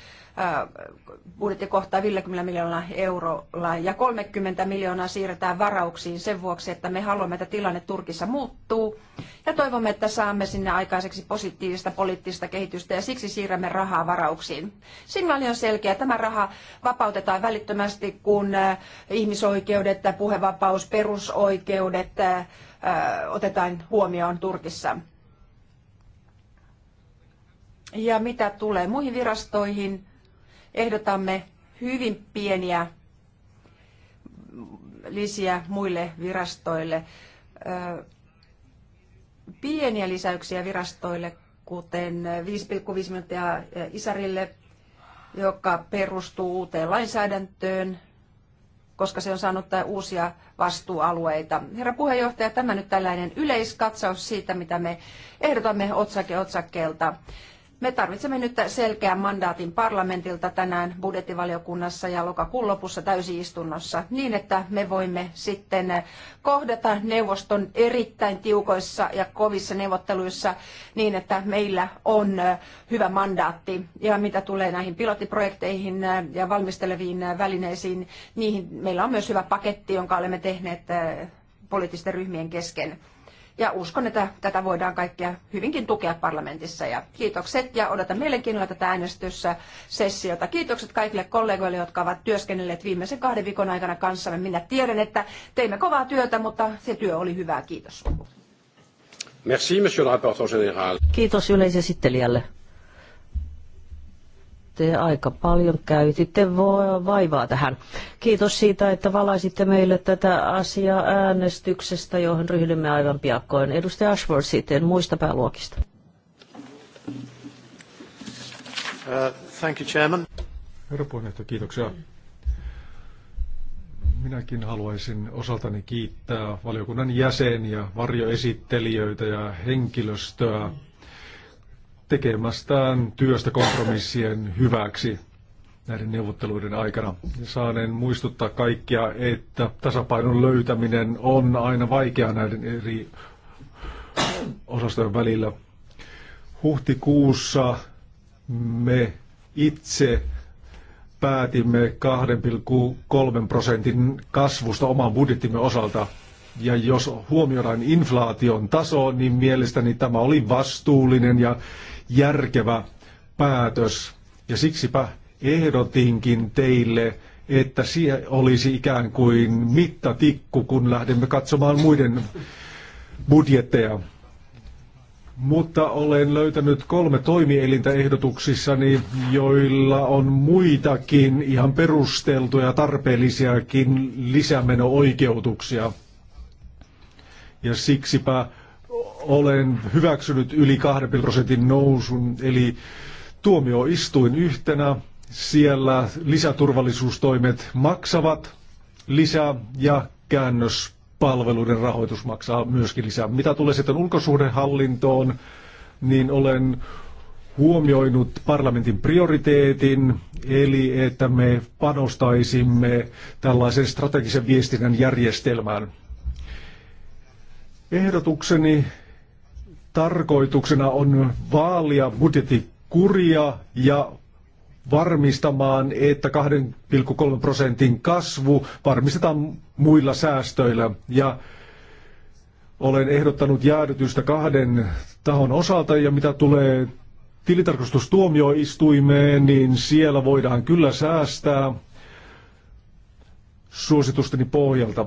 kohtaa 50 miljoonaa eurolla ja 30 miljoonaa siirretään varauksiin sen vuoksi, että me haluamme, että tilanne Turkissa muuttuu ja toivomme, että saamme sinne aikaiseksi positiivista poliittista kehitystä ja siksi siirrämme rahaa varauksiin. Signaali on selkeä. Tämä raha vapautetaan välittömästi, kun ihmisoikeudet, puhevapaus, perusoikeudet otetaan huomioon Turkissa. Ja mitä tulee muihin virastoihin, ehdotamme hyvin pieniä lisiä muille virastoille, pieniä lisäyksiä virastoille, kuten 5,5 minuuttia Isarille, joka perustuu uuteen lainsäädäntöön, koska se on saanut uusia vastuualueita. Herra puheenjohtaja, tämä nyt tällainen yleiskatsaus siitä, mitä me ehdotamme otsake otsakkeelta. Me tarvitsemme nyt selkeän mandaatin parlamentilta tänään budjettivaliokunnassa ja lokakuun lopussa täysistunnossa niin, että me voimme sitten kohdata neuvoston erittäin tiukoissa ja kovissa neuvotteluissa niin, että meillä on hyvä mandaatti. Ja mitä tulee näihin pilottiprojekteihin ja valmisteleviin välineisiin, niihin meillä on myös hyvä paketti, jonka olemme tehneet poliittisten ryhmien kesken. Ja uskon, että tätä voidaan kaikkia hyvinkin tukea parlamentissa. Ja kiitokset ja odotan mielenkiinnolla tätä äänestyssä sessiota. Kiitokset kaikille kollegoille, jotka ovat työskennelleet viimeisen kahden viikon aikana kanssamme. Minä tiedän, että teimme kovaa työtä, mutta se työ oli hyvää. Kiitos. Merci, monsieur le rapporteur général. Kiitos yleisesittelijälle te aika paljon käytitte vaivaa tähän. Kiitos siitä, että valaisitte meille tätä asiaa äänestyksestä, johon ryhdymme aivan piakkoin. Edustaja Ashworth sitten muista pääluokista. Uh, thank you, Chairman. Herra puheenjohtaja, kiitoksia. Minäkin haluaisin osaltani kiittää valiokunnan jäseniä, varjoesittelijöitä ja henkilöstöä. Mm tekemästään työstä kompromissien hyväksi näiden neuvotteluiden aikana. Ja saaneen muistuttaa kaikkia, että tasapainon löytäminen on aina vaikeaa näiden eri osastojen välillä. Huhtikuussa me itse päätimme 2,3 prosentin kasvusta oman budjettimme osalta. Ja jos huomioidaan inflaation taso, niin mielestäni tämä oli vastuullinen ja järkevä päätös. Ja siksipä ehdotinkin teille, että se olisi ikään kuin mittatikku, kun lähdemme katsomaan muiden budjetteja. Mutta olen löytänyt kolme toimielintä ehdotuksissani, joilla on muitakin ihan perusteltuja tarpeellisiakin lisämeno-oikeutuksia. Ja siksipä olen hyväksynyt yli 2 prosentin nousun, eli tuomioistuin yhtenä. Siellä lisäturvallisuustoimet maksavat lisää ja käännöspalveluiden rahoitus maksaa myöskin lisää. Mitä tulee sitten ulkosuhdehallintoon, niin olen huomioinut parlamentin prioriteetin, eli että me panostaisimme tällaisen strategisen viestinnän järjestelmään. Ehdotukseni tarkoituksena on vaalia budjettikuria ja varmistamaan, että 2,3 prosentin kasvu varmistetaan muilla säästöillä. Ja olen ehdottanut jäädytystä kahden tahon osalta ja mitä tulee tilitarkastustuomioistuimeen, niin siellä voidaan kyllä säästää suositusteni pohjalta.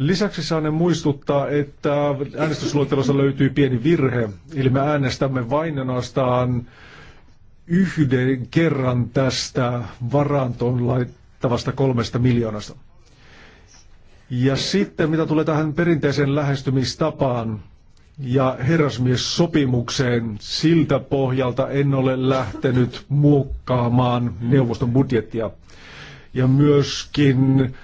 Lisäksi saanen muistuttaa, että äänestysluettelossa löytyy pieni virhe, eli me äänestämme vain ainoastaan yhden kerran tästä varantoon laittavasta kolmesta miljoonasta. Ja sitten mitä tulee tähän perinteiseen lähestymistapaan ja herrasmies-sopimukseen, siltä pohjalta en ole lähtenyt muokkaamaan neuvoston budjettia. Ja myöskin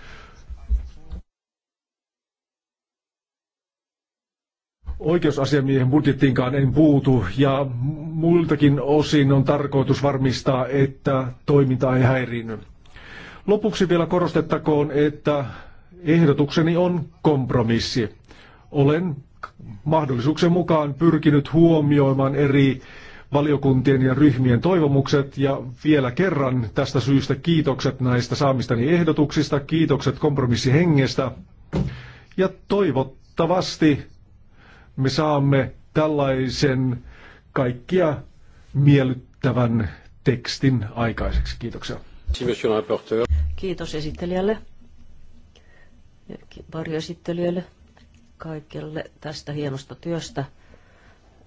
oikeusasiamiehen budjettiinkaan en puutu ja muiltakin osin on tarkoitus varmistaa, että toiminta ei häiriinny. Lopuksi vielä korostettakoon, että ehdotukseni on kompromissi. Olen mahdollisuuksien mukaan pyrkinyt huomioimaan eri valiokuntien ja ryhmien toivomukset ja vielä kerran tästä syystä kiitokset näistä saamistani ehdotuksista, kiitokset kompromissihengestä ja toivottavasti me saamme tällaisen kaikkia miellyttävän tekstin aikaiseksi. Kiitoksia. Kiitos esittelijälle, ja varjoesittelijöille, kaikille tästä hienosta työstä,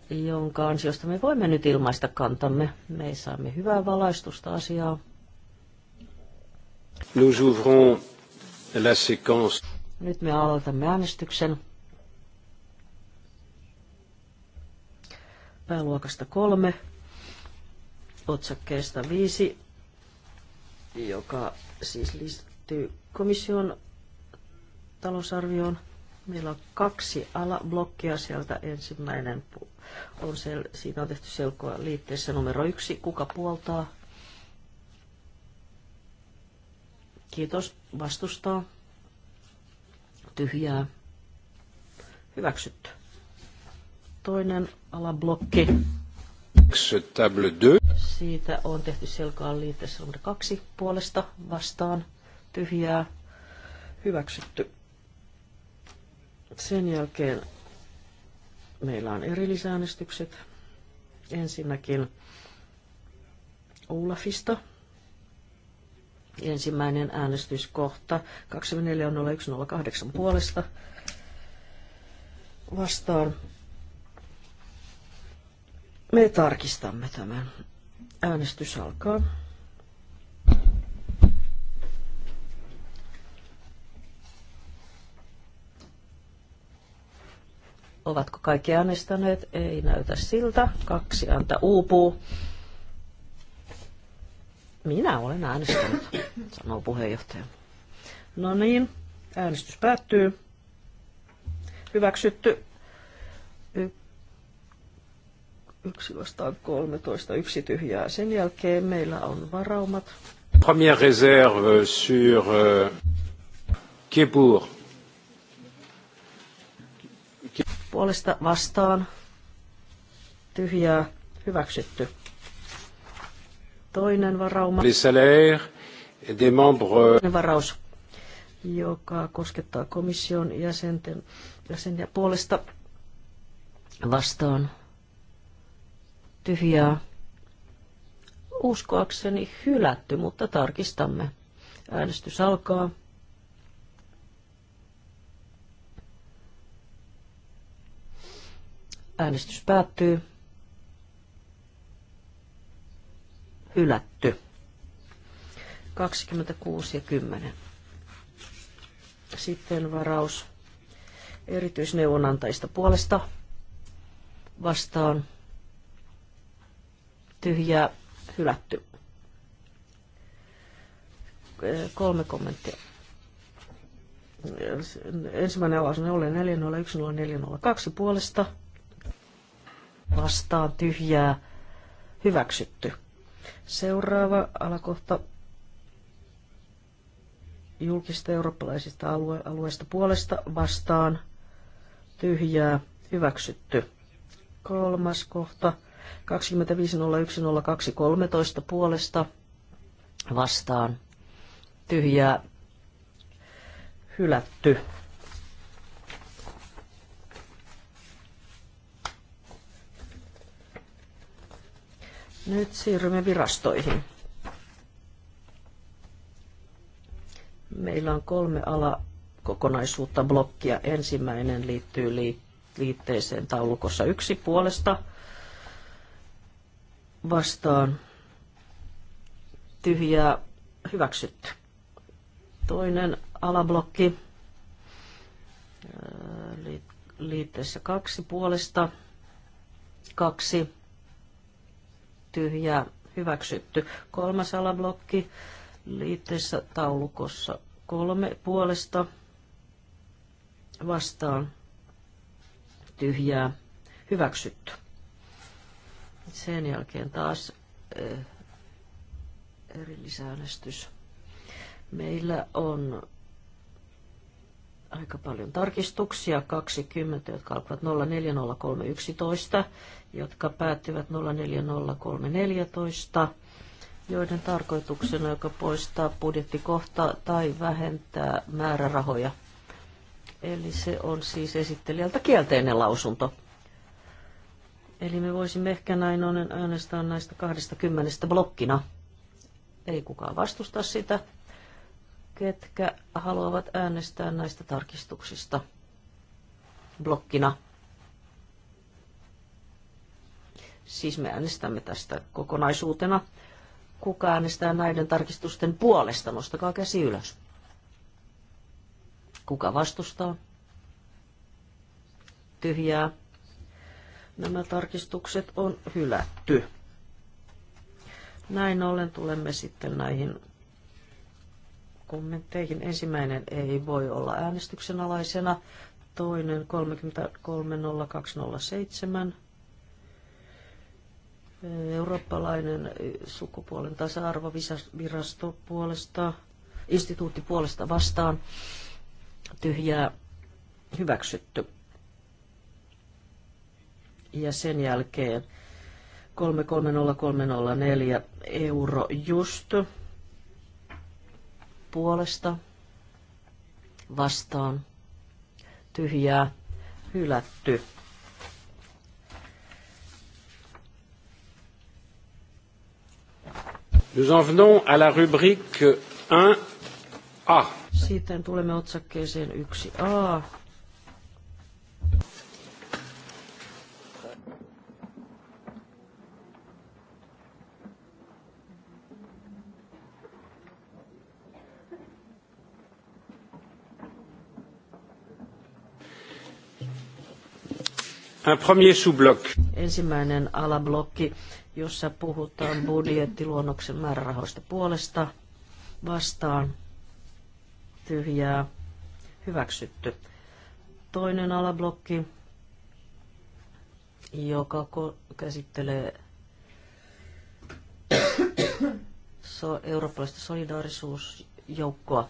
jonka ansiosta me voimme nyt ilmaista kantamme. Me saamme hyvää valaistusta asiaa. Nous ouvrons la séquence. Nyt me aloitamme äänestyksen. pääluokasta kolme, otsakkeesta viisi, joka siis liittyy komission talousarvioon. Meillä on kaksi alablokkia sieltä. Ensimmäinen on sel- siinä on tehty selkoa liitteessä numero yksi. Kuka puoltaa? Kiitos. Vastustaa. Tyhjää. Hyväksytty toinen alablokki. Table 2. Siitä on tehty selkaan liitteessä numero kaksi puolesta vastaan tyhjää hyväksytty. Sen jälkeen meillä on erillisäänestykset. Ensinnäkin Olafista. Ensimmäinen äänestyskohta 24.01.08 puolesta vastaan me tarkistamme tämän. Äänestys alkaa. Ovatko kaikki äänestäneet? Ei näytä siltä. Kaksi ääntä uupuu. Minä olen äänestänyt, sanoo puheenjohtaja. No niin, äänestys päättyy. Hyväksytty Yksi vastaan 13, yksi tyhjää. Sen jälkeen meillä on varaumat. Première réserve sur... Euh, qui Puolesta vastaan. Tyhjää. Hyväksytty. Toinen varauma. Les salaires des membres... Varaus joka koskettaa komission jäsenten, jäsenten puolesta vastaan tyhjää uskoakseni hylätty, mutta tarkistamme. Äänestys alkaa. Äänestys päättyy. Hylätty. 26 ja 10. Sitten varaus erityisneuvonantajista puolesta vastaan tyhjää hylätty. Kolme kommenttia. Ensimmäinen avaus on 0401402 puolesta. Vastaan tyhjää hyväksytty. Seuraava alakohta julkista eurooppalaisista alue- alueista puolesta vastaan tyhjää hyväksytty. Kolmas kohta 25.01.02.13 puolesta vastaan tyhjää hylätty. Nyt siirrymme virastoihin. Meillä on kolme alakokonaisuutta blokkia. Ensimmäinen liittyy liitteeseen taulukossa yksi puolesta vastaan tyhjää hyväksytty. Toinen alablokki äh, liitteessä kaksi puolesta, kaksi tyhjää hyväksytty. Kolmas alablokki liitteessä taulukossa kolme puolesta vastaan tyhjää hyväksytty. Sen jälkeen taas eh, erillisäänestys. Meillä on aika paljon tarkistuksia, 20, jotka alkavat 040311, jotka päättyvät 040314, joiden tarkoituksena, joka poistaa budjettikohta tai vähentää määrärahoja. Eli se on siis esittelijältä kielteinen lausunto. Eli me voisimme ehkä näin äänestää näistä 20 blokkina. Ei kukaan vastusta sitä. Ketkä haluavat äänestää näistä tarkistuksista blokkina? Siis me äänestämme tästä kokonaisuutena. Kuka äänestää näiden tarkistusten puolesta? Nostakaa käsi ylös. Kuka vastustaa? Tyhjää. Nämä tarkistukset on hylätty. Näin ollen tulemme sitten näihin kommentteihin. Ensimmäinen ei voi olla äänestyksen alaisena, toinen 330207 eurooppalainen sukupuolen tasa-arvovirasto puolesta, instituutti puolesta vastaan, tyhjää hyväksytty ja sen jälkeen 330304 euro just puolesta vastaan tyhjää hylätty. Nous en venons à la rubrique 1A. Sitten tulemme otsakkeeseen 1A. Un premier sous-bloc. Ensimmäinen alablokki, jossa puhutaan budjettiluonnoksen määrärahoista puolesta vastaan. Tyhjää. Hyväksytty. Toinen alablokki, joka käsittelee so- eurooppalaista solidaarisuusjoukkoa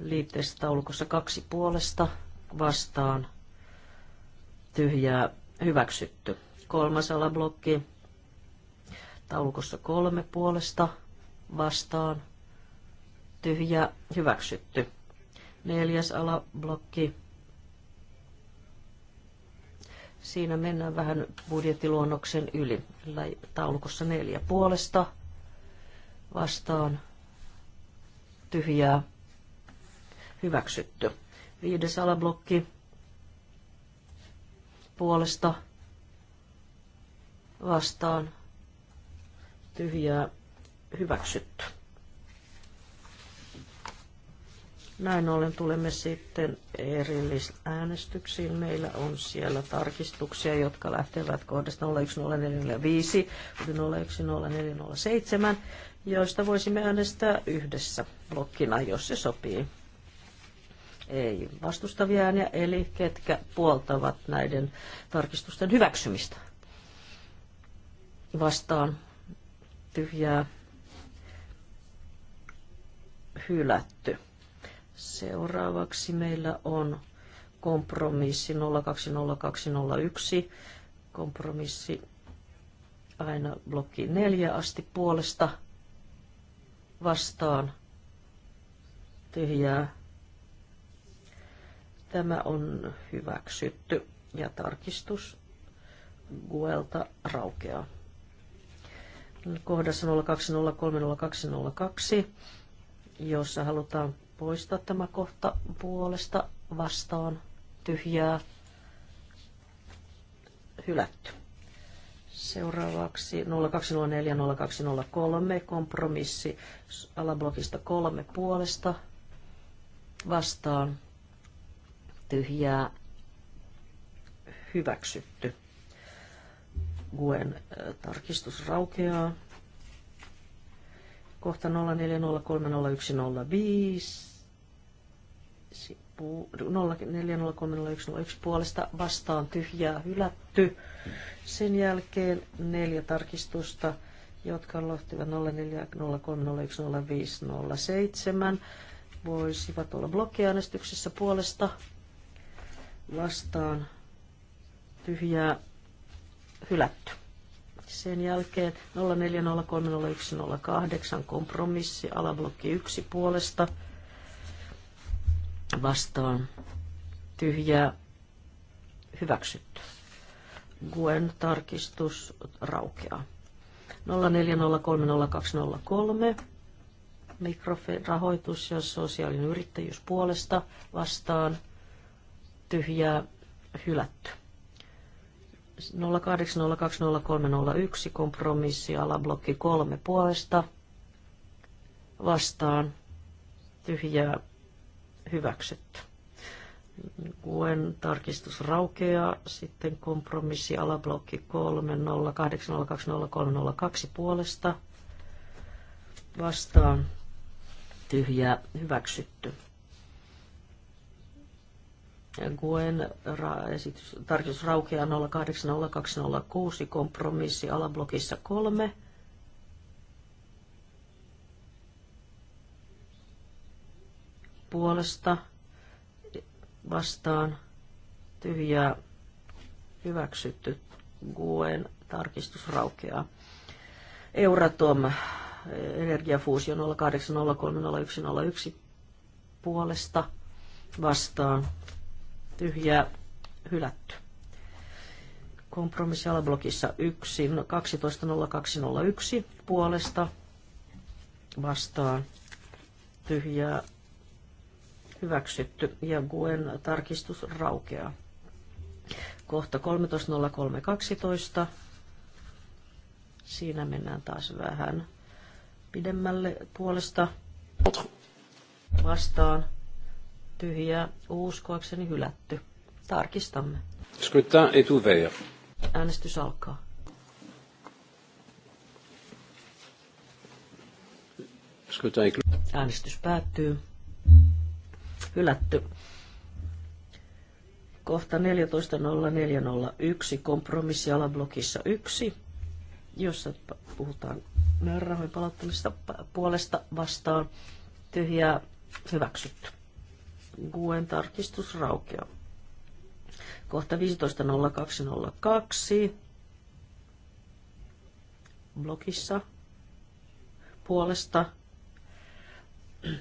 liitteessä taulukossa kaksi puolesta vastaan tyhjää hyväksytty. Kolmas alablokki taulukossa kolme puolesta vastaan tyhjää hyväksytty. Neljäs alablokki siinä mennään vähän budjettiluonnoksen yli. Taulukossa neljä puolesta vastaan tyhjää hyväksytty. Viides alablokki puolesta vastaan tyhjää hyväksytty. Näin ollen tulemme sitten erillisäänestyksiin. Meillä on siellä tarkistuksia, jotka lähtevät kohdasta 010405 010407, joista voisimme äänestää yhdessä blokkina, jos se sopii ei vastustavia ääniä, eli ketkä puoltavat näiden tarkistusten hyväksymistä. Vastaan tyhjää hylätty. Seuraavaksi meillä on kompromissi 020201, kompromissi aina blokki 4 asti puolesta vastaan tyhjää Tämä on hyväksytty ja tarkistus Guelta raukeaa. Kohdassa 020302, jossa halutaan poistaa tämä kohta puolesta vastaan tyhjää hylätty. Seuraavaksi 0204-0203 kompromissi alablokista kolme puolesta vastaan tyhjää hyväksytty. Guen tarkistus raukeaa. Kohta 04030105. puolesta vastaan tyhjää hylätty. Sen jälkeen neljä tarkistusta, jotka lohtivat 0403010507, voisivat olla blokkiäänestyksessä puolesta vastaan tyhjää hylätty. Sen jälkeen 04030108 kompromissi alablokki 1 puolesta vastaan tyhjää hyväksytty. Guen tarkistus raukeaa. 04030203 mikrofirahoitus ja sosiaalinen yrittäjyys puolesta vastaan tyhjää hylätty. 0,80,20,30,1 kompromissi alablokki 3 puolesta vastaan tyhjää hyväksytty. Kuen tarkistus raukeaa, sitten kompromissi alablokki 308020302 puolesta vastaan tyhjää hyväksytty. Guen esitys, tarkistus raukeaa 080206, kompromissi alablokissa 3. Puolesta vastaan tyhjää hyväksytty Guen tarkistus raukeaa. Euratom energiafuusio 0803001 puolesta vastaan tyhjää hylätty. Kompromissi alablokissa 1, 12.0201 no, puolesta vastaan tyhjää hyväksytty ja Guen tarkistus raukeaa. Kohta 13.03.12. Siinä mennään taas vähän pidemmälle puolesta vastaan tyhjää uskoakseni hylätty. Tarkistamme. Scrutin est ouvert. Äänestys alkaa. Äänestys päättyy. Hylätty. Kohta 14.04.01 kompromissialablokissa 1, jossa puhutaan määrärahojen palauttamista puolesta vastaan. Tyhjää hyväksytty. Guen tarkistus raukeaa. Kohta 15.0202 blogissa puolesta 15.02.0203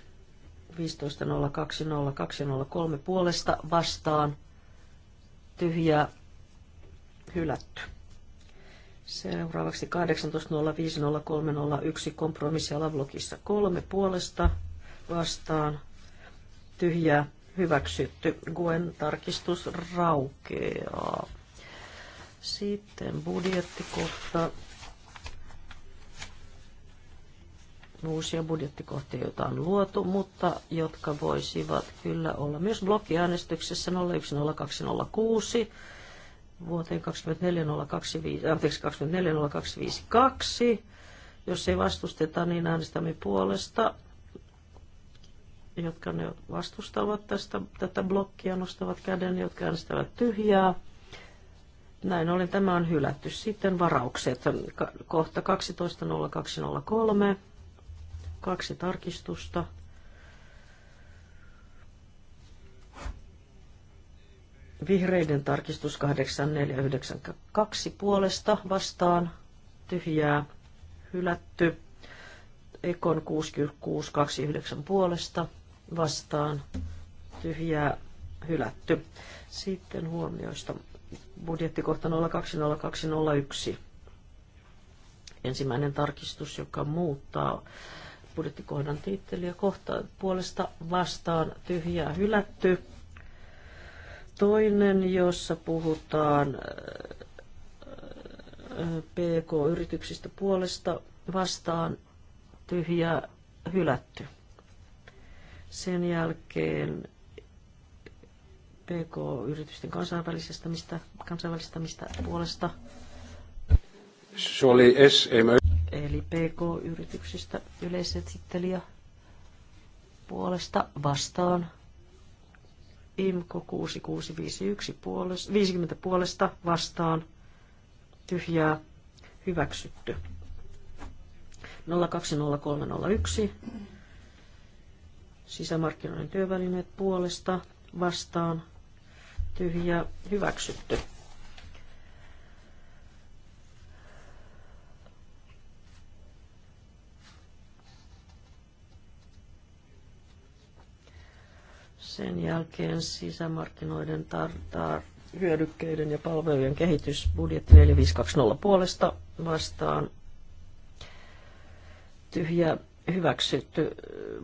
puolesta vastaan tyhjä hylätty. Seuraavaksi 18.05.03.01 kompromissiala blogissa kolme puolesta vastaan tyhjää hyväksytty. Guen tarkistus raukeaa. Sitten budjettikohta. Uusia budjettikohtia, joita on luotu, mutta jotka voisivat kyllä olla myös blokkiäänestyksessä 010206 vuoteen 24.025, anteeksi, 24.025, jos ei vastusteta, niin äänestämme puolesta jotka ne vastustavat tästä, tätä blokkia, nostavat käden, jotka äänestävät tyhjää. Näin ollen tämä on hylätty. Sitten varaukset. Kohta 12.0203. Kaksi tarkistusta. Vihreiden tarkistus 8492 puolesta vastaan tyhjää hylätty. Ekon 6629 puolesta vastaan tyhjää hylätty. Sitten huomioista budjettikohta 020201. Ensimmäinen tarkistus, joka muuttaa budjettikohdan titteliä kohta puolesta vastaan tyhjää hylätty. Toinen, jossa puhutaan äh, PK-yrityksistä puolesta vastaan tyhjää hylätty. Sen jälkeen PK-yritysten kansainvälistämistä, kansainvälistämistä puolesta. Se oli SMÖ. Eli PK-yrityksistä yleisesittelijä puolesta vastaan. IMKO 6651 puolesta, 50 puolesta vastaan. Tyhjää hyväksytty. 020301 sisämarkkinoiden työvälineet puolesta vastaan tyhjä hyväksytty. Sen jälkeen sisämarkkinoiden tartar hyödykkeiden ja palvelujen kehitys budjetti 4520 puolesta vastaan tyhjä hyväksytty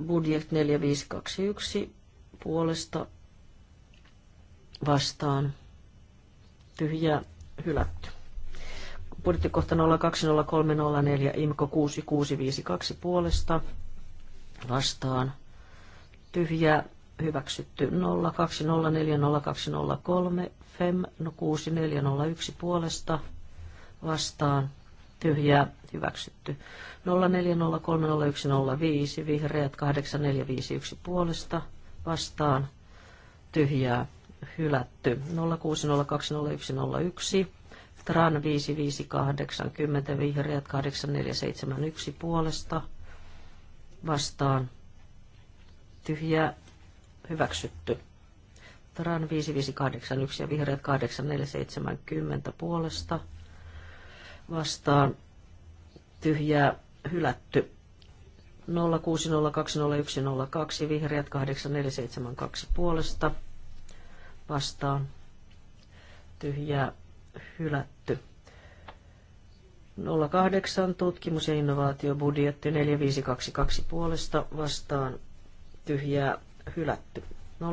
budjet 4521 puolesta vastaan tyhjä hylätty. Budjettikohta 020304 IMKO 6652 puolesta vastaan tyhjä hyväksytty 02040203 FEM 6401 no puolesta vastaan tyhjää hyväksytty. 04030105 vihreät 8451 puolesta vastaan tyhjää hylätty. 06020101 Tran 5580 vihreät 8471 puolesta vastaan tyhjää hyväksytty. Tran 5581 ja vihreät 8470 puolesta vastaan tyhjää hylätty. 0602012 vihreät 8472 puolesta vastaan tyhjää hylätty. 08 tutkimus- ja innovaatiobudjetti 4522 puolesta vastaan tyhjää hylätty. 08020202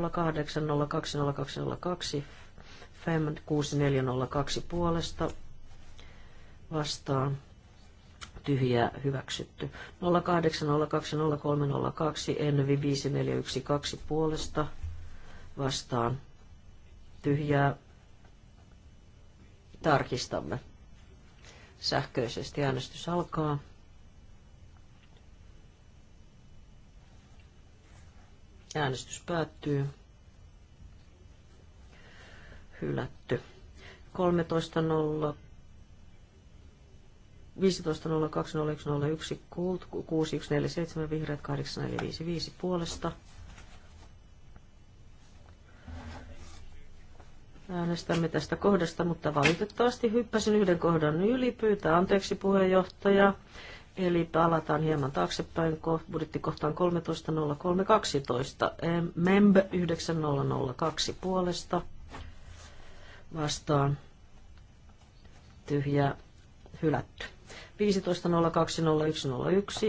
FEM 6402 puolesta vastaan tyhjää hyväksytty. 08020302 Envi 5412 puolesta vastaan tyhjää tarkistamme. Sähköisesti äänestys alkaa. Äänestys päättyy. Hylätty. 13.0 6147, vihreät 8455 puolesta. Äänestämme tästä kohdasta, mutta valitettavasti hyppäsin yhden kohdan yli. Pyytää anteeksi puheenjohtaja. Eli palataan hieman taaksepäin budjettikohtaan 13.03.12. MEMB 9002 puolesta vastaan tyhjä hylätty. 15.02.01.01,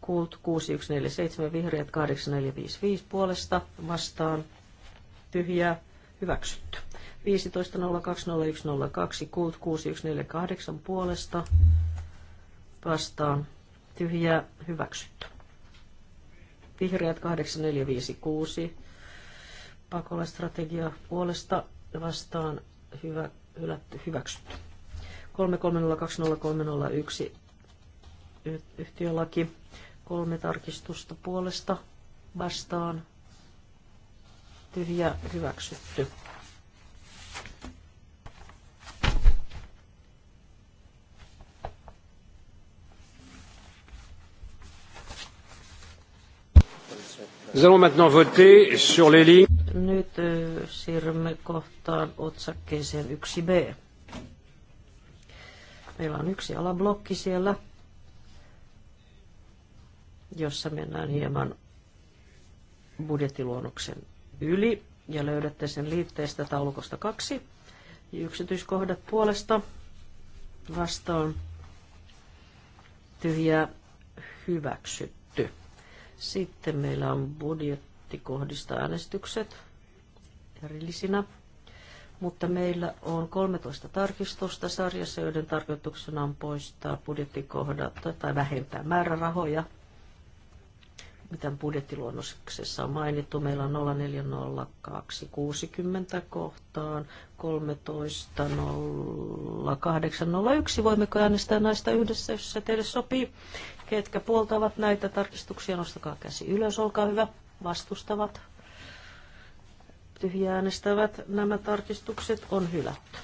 Kult 6147, vihreät 8455 puolesta, vastaan, tyhjää, hyväksytty. 15.02.01.02, Kult 6148 puolesta, vastaan, tyhjää, hyväksytty. Vihreät 8456, pakolaistrategia puolesta, vastaan, hyvä, hylätty, hyväksytty. 3302031 yhtiölaki. Kolme tarkistusta puolesta vastaan. Tyhjä hyväksytty. Nous allons maintenant voter sur les lignes. Nyt siirrymme kohtaan otsakkeeseen 1b. Meillä on yksi alablokki siellä, jossa mennään hieman budjettiluonnoksen yli ja löydätte sen liitteestä taulukosta kaksi. Yksityiskohdat puolesta vastaan tyhjää hyväksytty. Sitten meillä on budjettikohdista äänestykset erillisinä mutta meillä on 13 tarkistusta sarjassa, joiden tarkoituksena on poistaa budjettikohdat tai vähentää määrärahoja, mitä budjettiluonnoksessa on mainittu. Meillä on 040260 kohtaan 130801. Voimmeko äänestää näistä yhdessä, jos se teille sopii? Ketkä puoltavat näitä tarkistuksia, nostakaa käsi ylös, olkaa hyvä. Vastustavat, tyhjää äänestävät. Nämä tarkistukset on hylätty.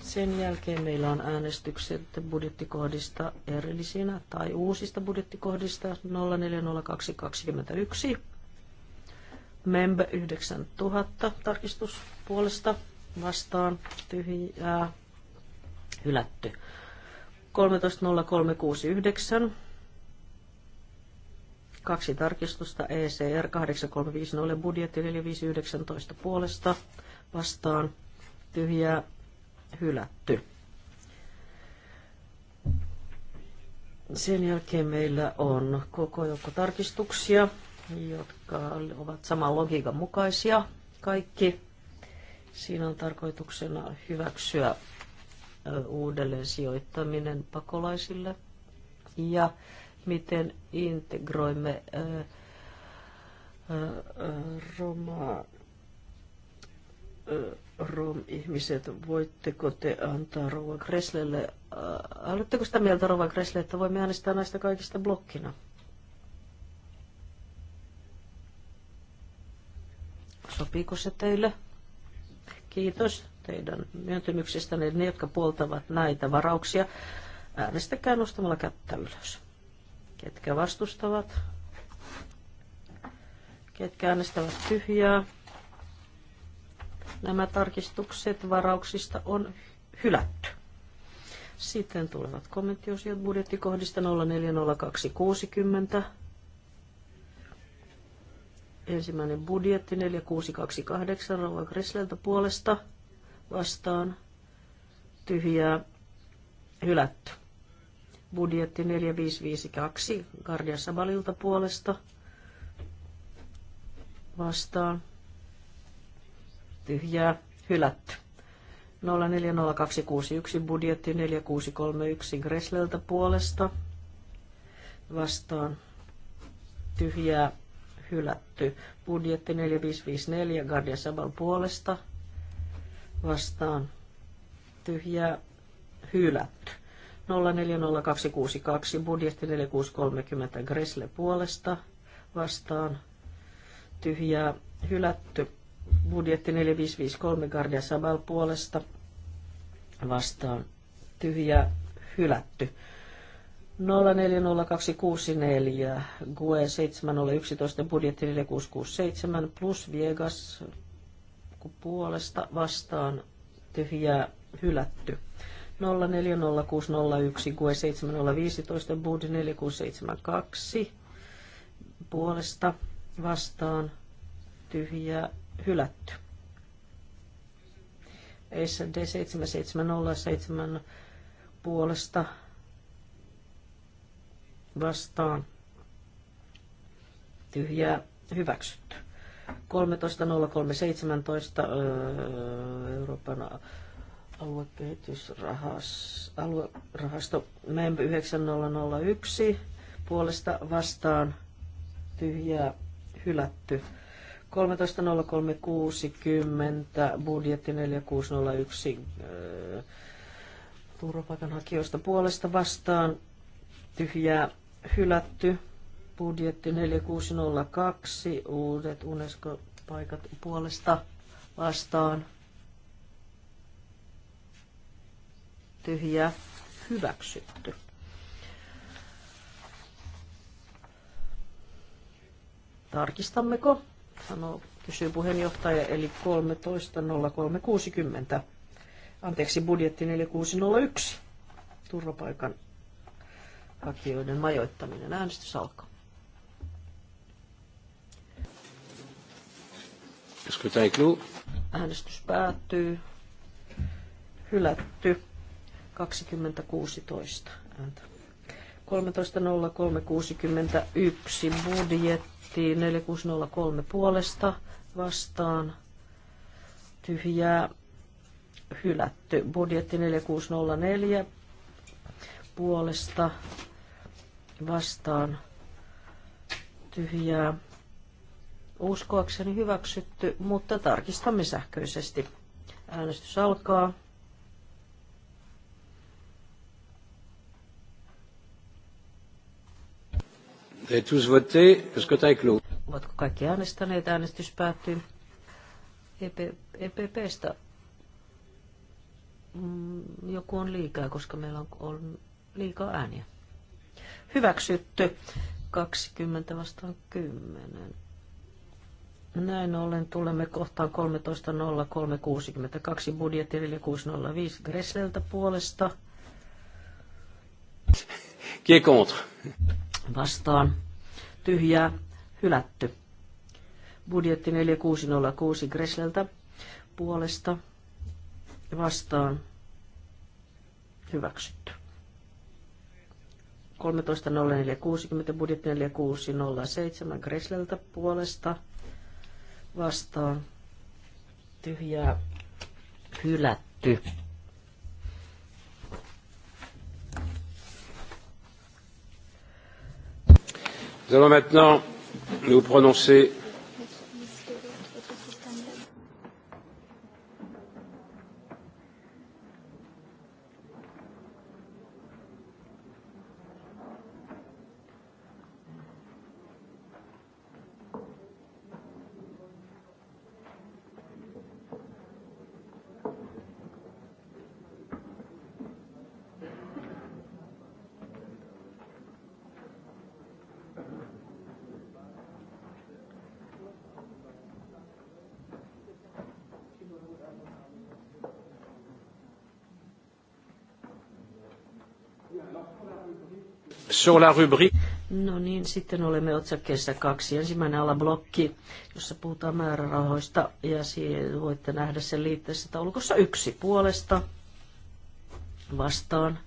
Sen jälkeen meillä on äänestykset budjettikohdista erillisinä tai uusista budjettikohdista 040221. MEMB 9000 tarkistuspuolesta vastaan tyhjää hylätty. 13.0369 Kaksi tarkistusta ECR 8350 budjetti 4519 puolesta vastaan tyhjää hylätty. Sen jälkeen meillä on koko joukko tarkistuksia, jotka ovat saman logiikan mukaisia kaikki. Siinä on tarkoituksena hyväksyä uudelleen sijoittaminen pakolaisille ja miten integroimme äh, äh, roma äh, rom-ihmiset, voitteko te antaa Rova Kreslelle, oletteko sitä mieltä Rova Kresle, että voimme äänestää näistä kaikista blokkina? Sopiiko se teille? Kiitos teidän myöntymyksestänne. Ne, jotka puoltavat näitä varauksia, äänestäkää nostamalla kättä ylös. Ketkä vastustavat? Ketkä äänestävät tyhjää? Nämä tarkistukset varauksista on hylätty. Sitten tulevat kommenttiosiot budjettikohdista 040260. Ensimmäinen budjetti 4628 Rova Kresleltä puolesta vastaan tyhjää hylätty budjetti 4552 Gardia Sabalilta puolesta vastaan. Tyhjää, hylätty. 040261 budjetti 4631 Gresleltä puolesta vastaan. Tyhjää, hylätty. Budjetti 4554 Gardia Sabal puolesta vastaan. Tyhjää, hylätty. 040262 budjetti 4630 Gresle puolesta vastaan tyhjää hylätty. Budjetti 4553 Gardia Sabal puolesta vastaan tyhjää hylätty. 040264 GUE 7011 budjetti 4667 plus Viegas puolesta vastaan tyhjää hylätty. 040601, GUE 7015, BUD 4672 puolesta vastaan tyhjä hylätty. SD 7707 puolesta vastaan tyhjä hyväksytty. 13.03.17 öö, Euroopan aluekehitysrahasto MEMP 9001 puolesta vastaan tyhjää hylätty. 13.03.60 budjetti 4601 öö, turvapaikanhakijoista puolesta vastaan tyhjää hylätty. Budjetti 4602 uudet UNESCO-paikat puolesta vastaan tyhjää hyväksytty. Tarkistammeko? Sanoo, kysyy puheenjohtaja, eli 13.03.60. Anteeksi, budjetti 4601. Turvapaikan hakijoiden majoittaminen. Äänestys alkaa. Äänestys päättyy. Hylätty. 2016 13.03.61 budjetti 4603 puolesta vastaan tyhjää hylätty. Budjetti 4604 puolesta vastaan tyhjää uskoakseni hyväksytty, mutta tarkistamme sähköisesti. Äänestys alkaa. Ovatko kaikki äänestäneet? Äänestys päättyy. EP, EPPstä mm, joku on liikaa, koska meillä on, on liikaa ääniä. Hyväksytty. 20 vastaan 10. Näin ollen tulemme kohtaan 13.03.62 budjettirille 605 Gresseltä puolesta. Qui est contre? vastaan tyhjää hylätty. Budjetti 4606 Gresleltä puolesta vastaan hyväksytty. 13.04.60, budjetti 4607 Gresleltä puolesta vastaan tyhjää hylätty. Nous allons maintenant nous prononcer sur la rubrique. No niin, sitten olemme otsakkeessa kaksi. Ensimmäinen alablokki, jossa puhutaan määrärahoista, ja voitte nähdä sen liitteessä taulukossa yksi puolesta vastaan.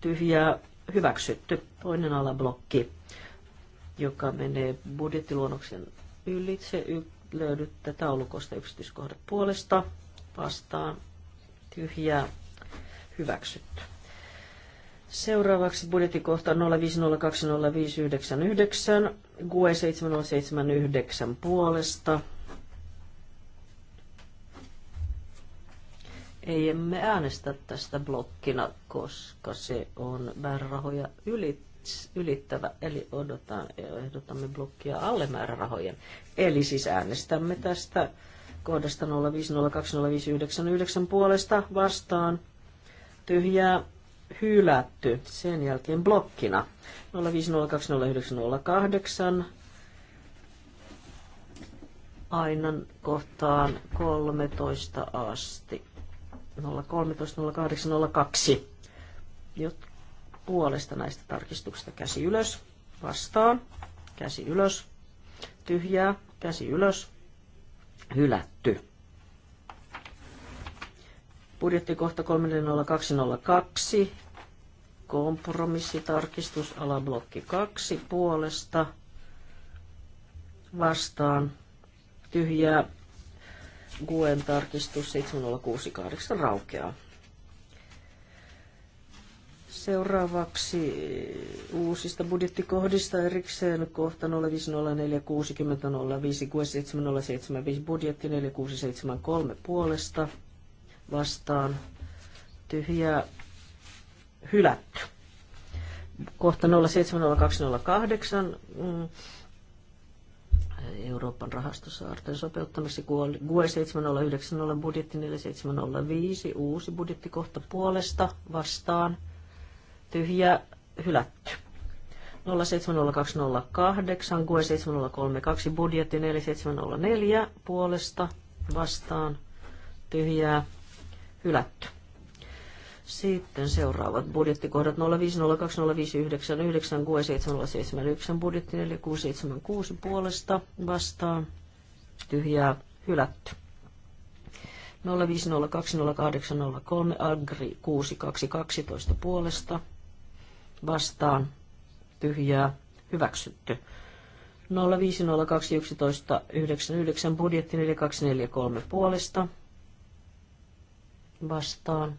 Tyhjää hyväksytty. Toinen alablokki, joka menee budjettiluonnoksen ylitse, y- löydytte taulukosta yksityiskohdat puolesta vastaan. Tyhjää hyväksytty. Seuraavaksi budjettikohta 0502599, GUE 7079 puolesta. Ei emme äänestä tästä blokkina, koska se on määrärahoja ylittävä, eli odotan, ehdotamme blokkia alle määrärahojen. Eli siis äänestämme tästä kohdasta 0,50,259,9 puolesta vastaan tyhjää hylätty. Sen jälkeen blokkina 0502908 aina kohtaan 13 asti. 0130802. Jot puolesta näistä tarkistuksista käsi ylös, vastaan, käsi ylös, tyhjää, käsi ylös, hylätty. Budjettikohta 30202, Kompromissitarkistus alablokki 2 puolesta vastaan tyhjää. Guen tarkistus 7068 raukeaa. Seuraavaksi uusista budjettikohdista erikseen kohta 05040 budjetti 4673 puolesta vastaan tyhjää hylätty. Kohta 070208 mm. Euroopan rahastosaarten sopeuttamiseksi GUE 7090 budjetti 4705 uusi budjetti kohta puolesta vastaan tyhjä hylätty. 070208 GUE 7032 budjetti 4704 puolesta vastaan tyhjää hylätty. Sitten seuraavat budjettikohdat 0502059 6771 budjetti 4676 puolesta vastaan tyhjää hylätty. 05020803 Agri 6212 puolesta vastaan tyhjää hyväksytty. 0502199 budjetti 4243 puolesta vastaan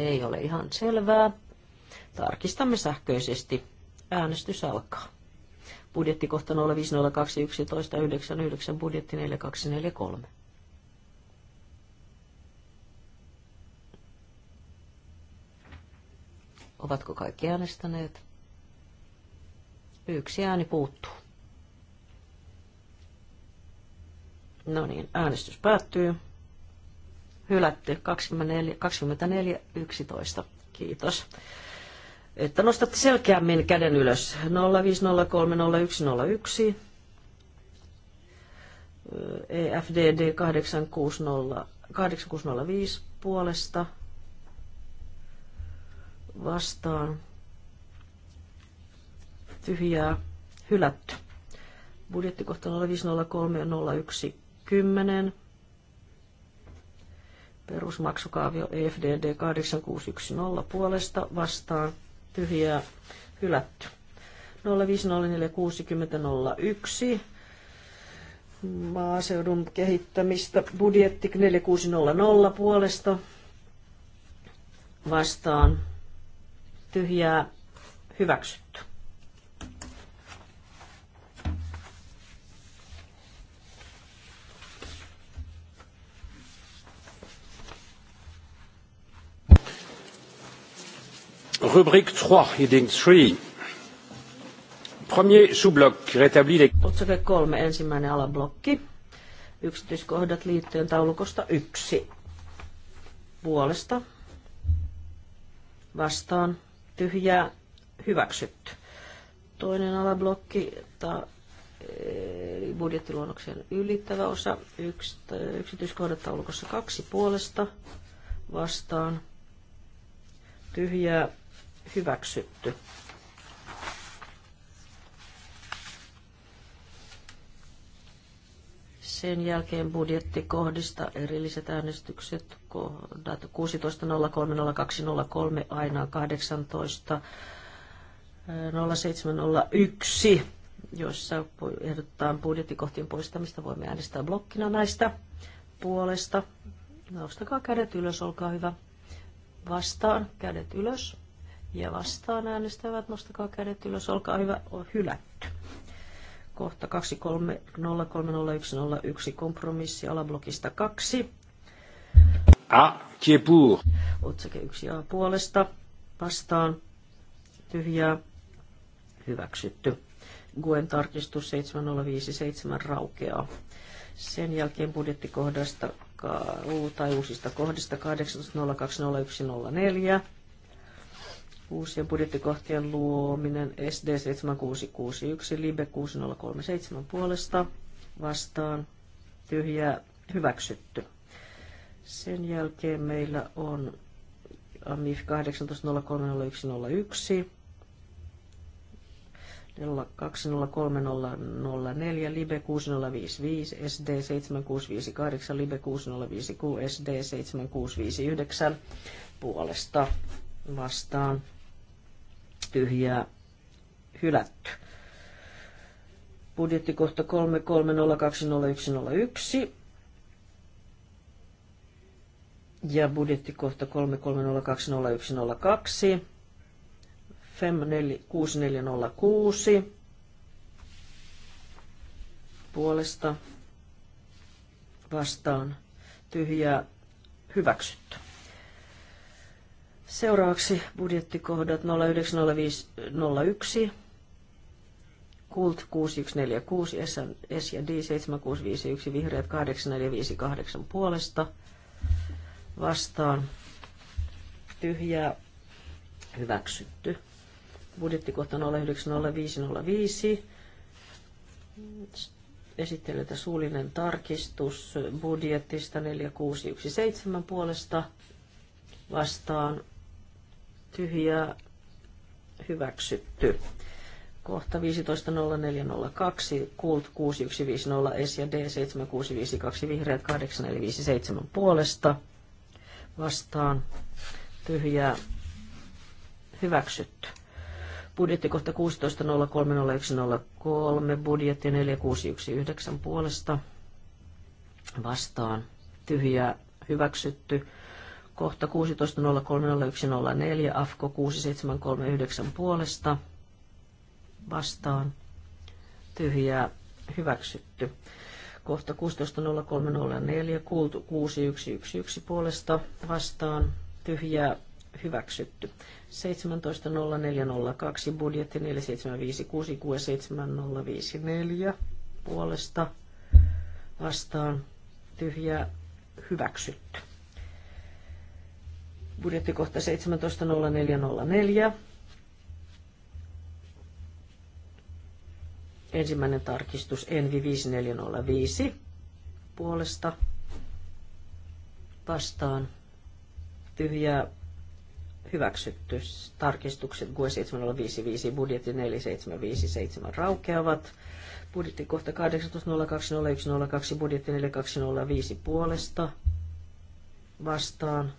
ei ole ihan selvää. Tarkistamme sähköisesti. Äänestys alkaa. Budjettikohta 05021 budjetti 4243. Ovatko kaikki äänestäneet? Yksi ääni puuttuu. No niin, äänestys päättyy hylätty 24.11. 24 11. Kiitos. Että nostatte selkeämmin käden ylös. 05030101. EFDD 8605 puolesta vastaan tyhjää hylätty. Budjettikohta 05030110 Perusmaksukaavio EFDD 8610 puolesta vastaan tyhjää hylätty. 0504601 maaseudun kehittämistä budjetti 4600 puolesta vastaan tyhjää hyväksytty. Rubrique 3, heading 3. Premier sous-bloc, rétabli les... Otsake 3, ensimmäinen alablokki. Yksityiskohdat liittyen taulukosta 1. Puolesta. Vastaan. Tyhjää. Hyväksytty. Toinen alablokki, ta, eli budjettiluonnoksen ylittävä osa, yks, yksityiskohdat taulukossa 2. puolesta vastaan, tyhjää hyväksytty. Sen jälkeen budjettikohdista erilliset äänestykset kohdat 16.03.02.03 aina 18.07.01, joissa jossa budjettikohtien poistamista. Voimme äänestää blokkina näistä puolesta. Nostakaa kädet ylös, olkaa hyvä. Vastaan, kädet ylös ja vastaan äänestävät, nostakaa kädet ylös, olkaa hyvä, on hylätty. Kohta 23030101 kompromissi alablokista 2. A, qui est pour? Otsake 1 A puolesta, vastaan, tyhjää, hyväksytty. Guen tarkistus 7057 raukeaa. Sen jälkeen budjettikohdasta tai uusista kohdista 18020104 uusien budjettikohtien luominen SD 7661, Libe 6037 puolesta vastaan tyhjää hyväksytty. Sen jälkeen meillä on AMIF 18030101 203004, Libe 6055, SD 7658, Libe 6056, SD 7659 puolesta vastaan tyhjää hylätty. Budjettikohta 33020101 ja budjettikohta 33020102. FEM 6406 puolesta vastaan tyhjää hyväksyttä. Seuraavaksi budjettikohdat 090501, Kult 6146, S ja D 7651, Vihreät 8458 puolesta vastaan. Tyhjää hyväksytty. Budjettikohta 090505. Esittelytä suullinen tarkistus budjettista 4617 puolesta vastaan tyhjää hyväksytty. Kohta 15.04.02, Kult 6150 S ja D7652 vihreät 8457 puolesta vastaan tyhjää hyväksytty. Budjettikohta 16.03.01.03, budjetti 4619 puolesta vastaan tyhjää hyväksytty kohta 16.03.01.04, AFKO 6739 puolesta vastaan, tyhjää hyväksytty. Kohta 16.03.04, kuultu 6111 puolesta vastaan, tyhjää hyväksytty. 17.04.02, budjetti 47566754 puolesta vastaan, tyhjää hyväksytty budjettikohta 17.04.04. Ensimmäinen tarkistus Envi 5405 puolesta vastaan tyhjää hyväksytty. Tarkistukset GUE 7055 budjetti 4757 raukeavat. Budjetti kohta 18.02.01.02 budjetti 4205 puolesta vastaan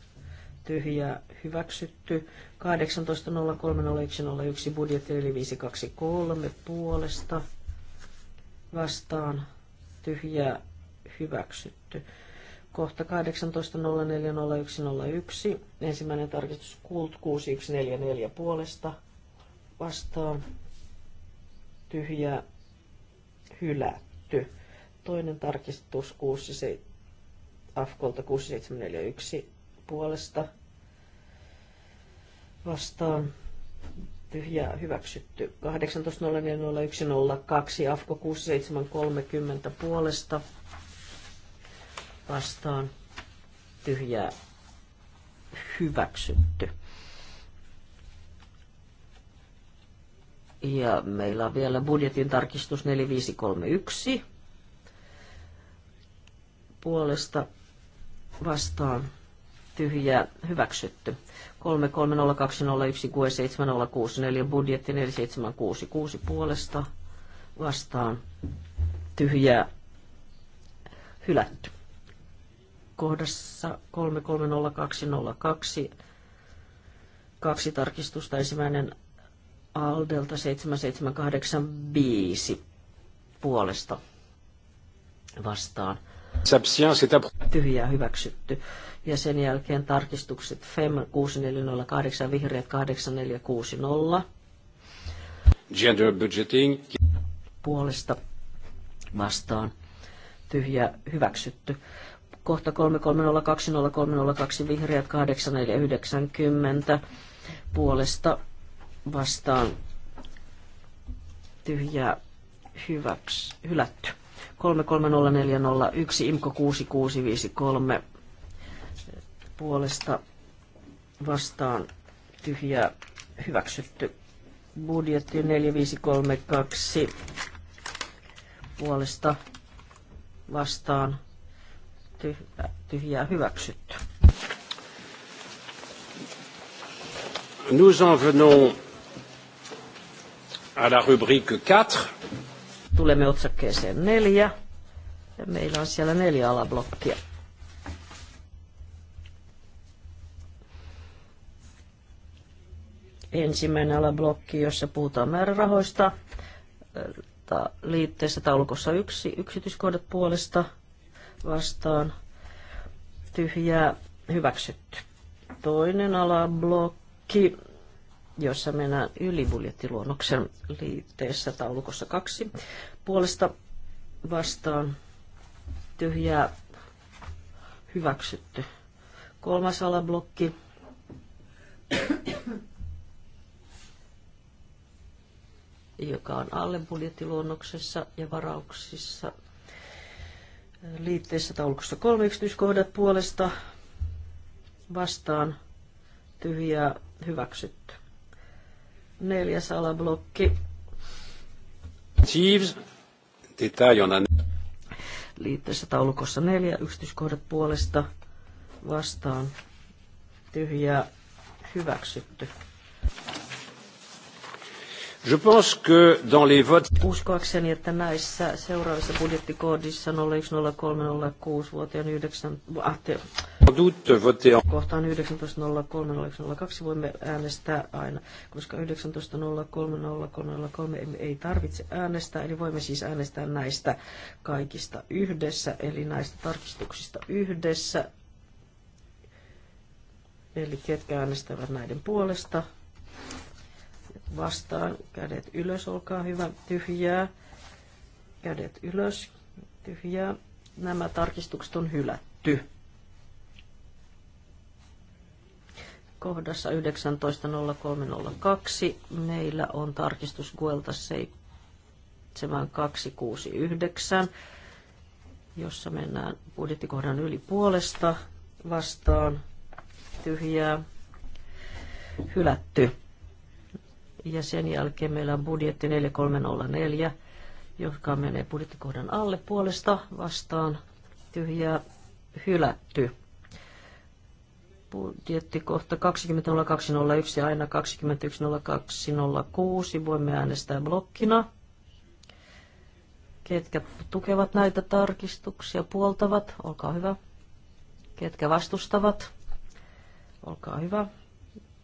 tyhjä hyväksytty. 18.03.01 budjetti 4523 puolesta vastaan tyhjä hyväksytty. Kohta 18.04.01 ensimmäinen tarkistus Kult 6144 puolesta vastaan tyhjä hylätty. Toinen tarkistus 67, AFKolta 6741 puolesta vastaan tyhjää hyväksytty. 18.04.01.02 AFKO 6730 puolesta vastaan tyhjää hyväksytty. Ja meillä on vielä budjetin tarkistus 4531 puolesta vastaan tyhjää hyväksytty. 33020167064 budjetti 4766 puolesta vastaan tyhjää hylätty. Kohdassa 330202 kaksi tarkistusta. Ensimmäinen Aldelta 7785 puolesta vastaan – Tyhjää hyväksytty. Ja sen jälkeen tarkistukset FEM 6408, vihreät 8460. Gender budgeting. Puolesta vastaan. Tyhjä hyväksytty. Kohta 3302032 vihreät 8490 puolesta vastaan tyhjä hyväks, hylätty. 330401 IMKO 6653 puolesta vastaan tyhjää hyväksytty. Budjetti 4532 puolesta vastaan tyhjää, tyhjää hyväksytty. Nous en venons à la rubrique 4 tulemme otsakkeeseen neljä. Ja meillä on siellä neljä alablokkia. Ensimmäinen alablokki, jossa puhutaan määrärahoista, liitteessä taulukossa yksi, yksityiskohdat puolesta vastaan, tyhjää, hyväksytty. Toinen alablokki, jossa mennään yli liitteessä taulukossa kaksi. Puolesta vastaan tyhjää hyväksytty. Kolmas alablokki. joka on alle budjettiluonnoksessa ja varauksissa. Liitteessä taulukossa kolme yksityiskohdat puolesta vastaan tyhjää hyväksytty. Neljäs alablokki. Thieves, detaljona. Liitteessä taulukossa neljä yksityiskohdat puolesta vastaan tyhjää hyväksytty. Je pense que dans les votes... Uskoakseni, että näissä seuraavissa budjettikoodissa 010306 vuoteen 9... Kohtaan 19.03.02 voimme äänestää aina, koska 19.03.03 ei tarvitse äänestää, eli voimme siis äänestää näistä kaikista yhdessä, eli näistä tarkistuksista yhdessä. Eli ketkä äänestävät näiden puolesta, vastaan, kädet ylös, olkaa hyvä, tyhjää, kädet ylös, tyhjää. Nämä tarkistukset on hylätty. Kohdassa 19.03.02 meillä on tarkistus Guelta 7269, jossa mennään budjettikohdan yli puolesta vastaan, tyhjää, hylätty. Ja sen jälkeen meillä on budjetti 4304, joka menee budjettikohdan alle puolesta vastaan. Tyhjää hylätty. Budjettikohta 200201 ja aina 210206 voimme äänestää blokkina. Ketkä tukevat näitä tarkistuksia, puoltavat, olkaa hyvä. Ketkä vastustavat, olkaa hyvä.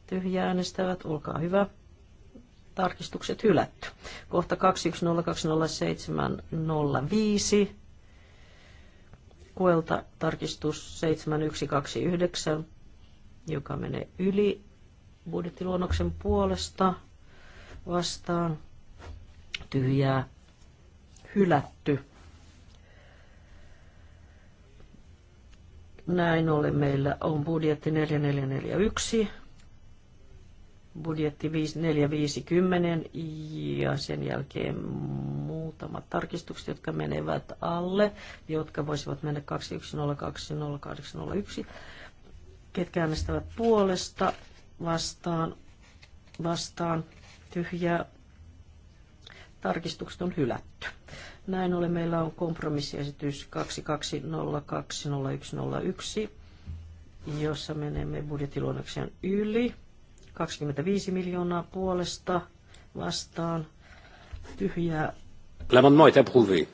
Tyhjää äänestävät, olkaa hyvä tarkistukset hylätty. Kohta 21020705. Koelta tarkistus 7129, joka menee yli budjettiluonnoksen puolesta vastaan. Tyhjää hylätty. Näin ollen meillä on budjetti 4441 budjetti 4450 ja sen jälkeen muutamat tarkistukset, jotka menevät alle, jotka voisivat mennä 2102-0801. Ketkä äänestävät puolesta vastaan, vastaan tyhjää. Tarkistukset on hylätty. Näin ollen meillä on kompromissiesitys 22020101, jossa menemme budjettiluonnoksen yli. 25 miljoonaa puolesta vastaan tyhjää. L'amendement est approuvé.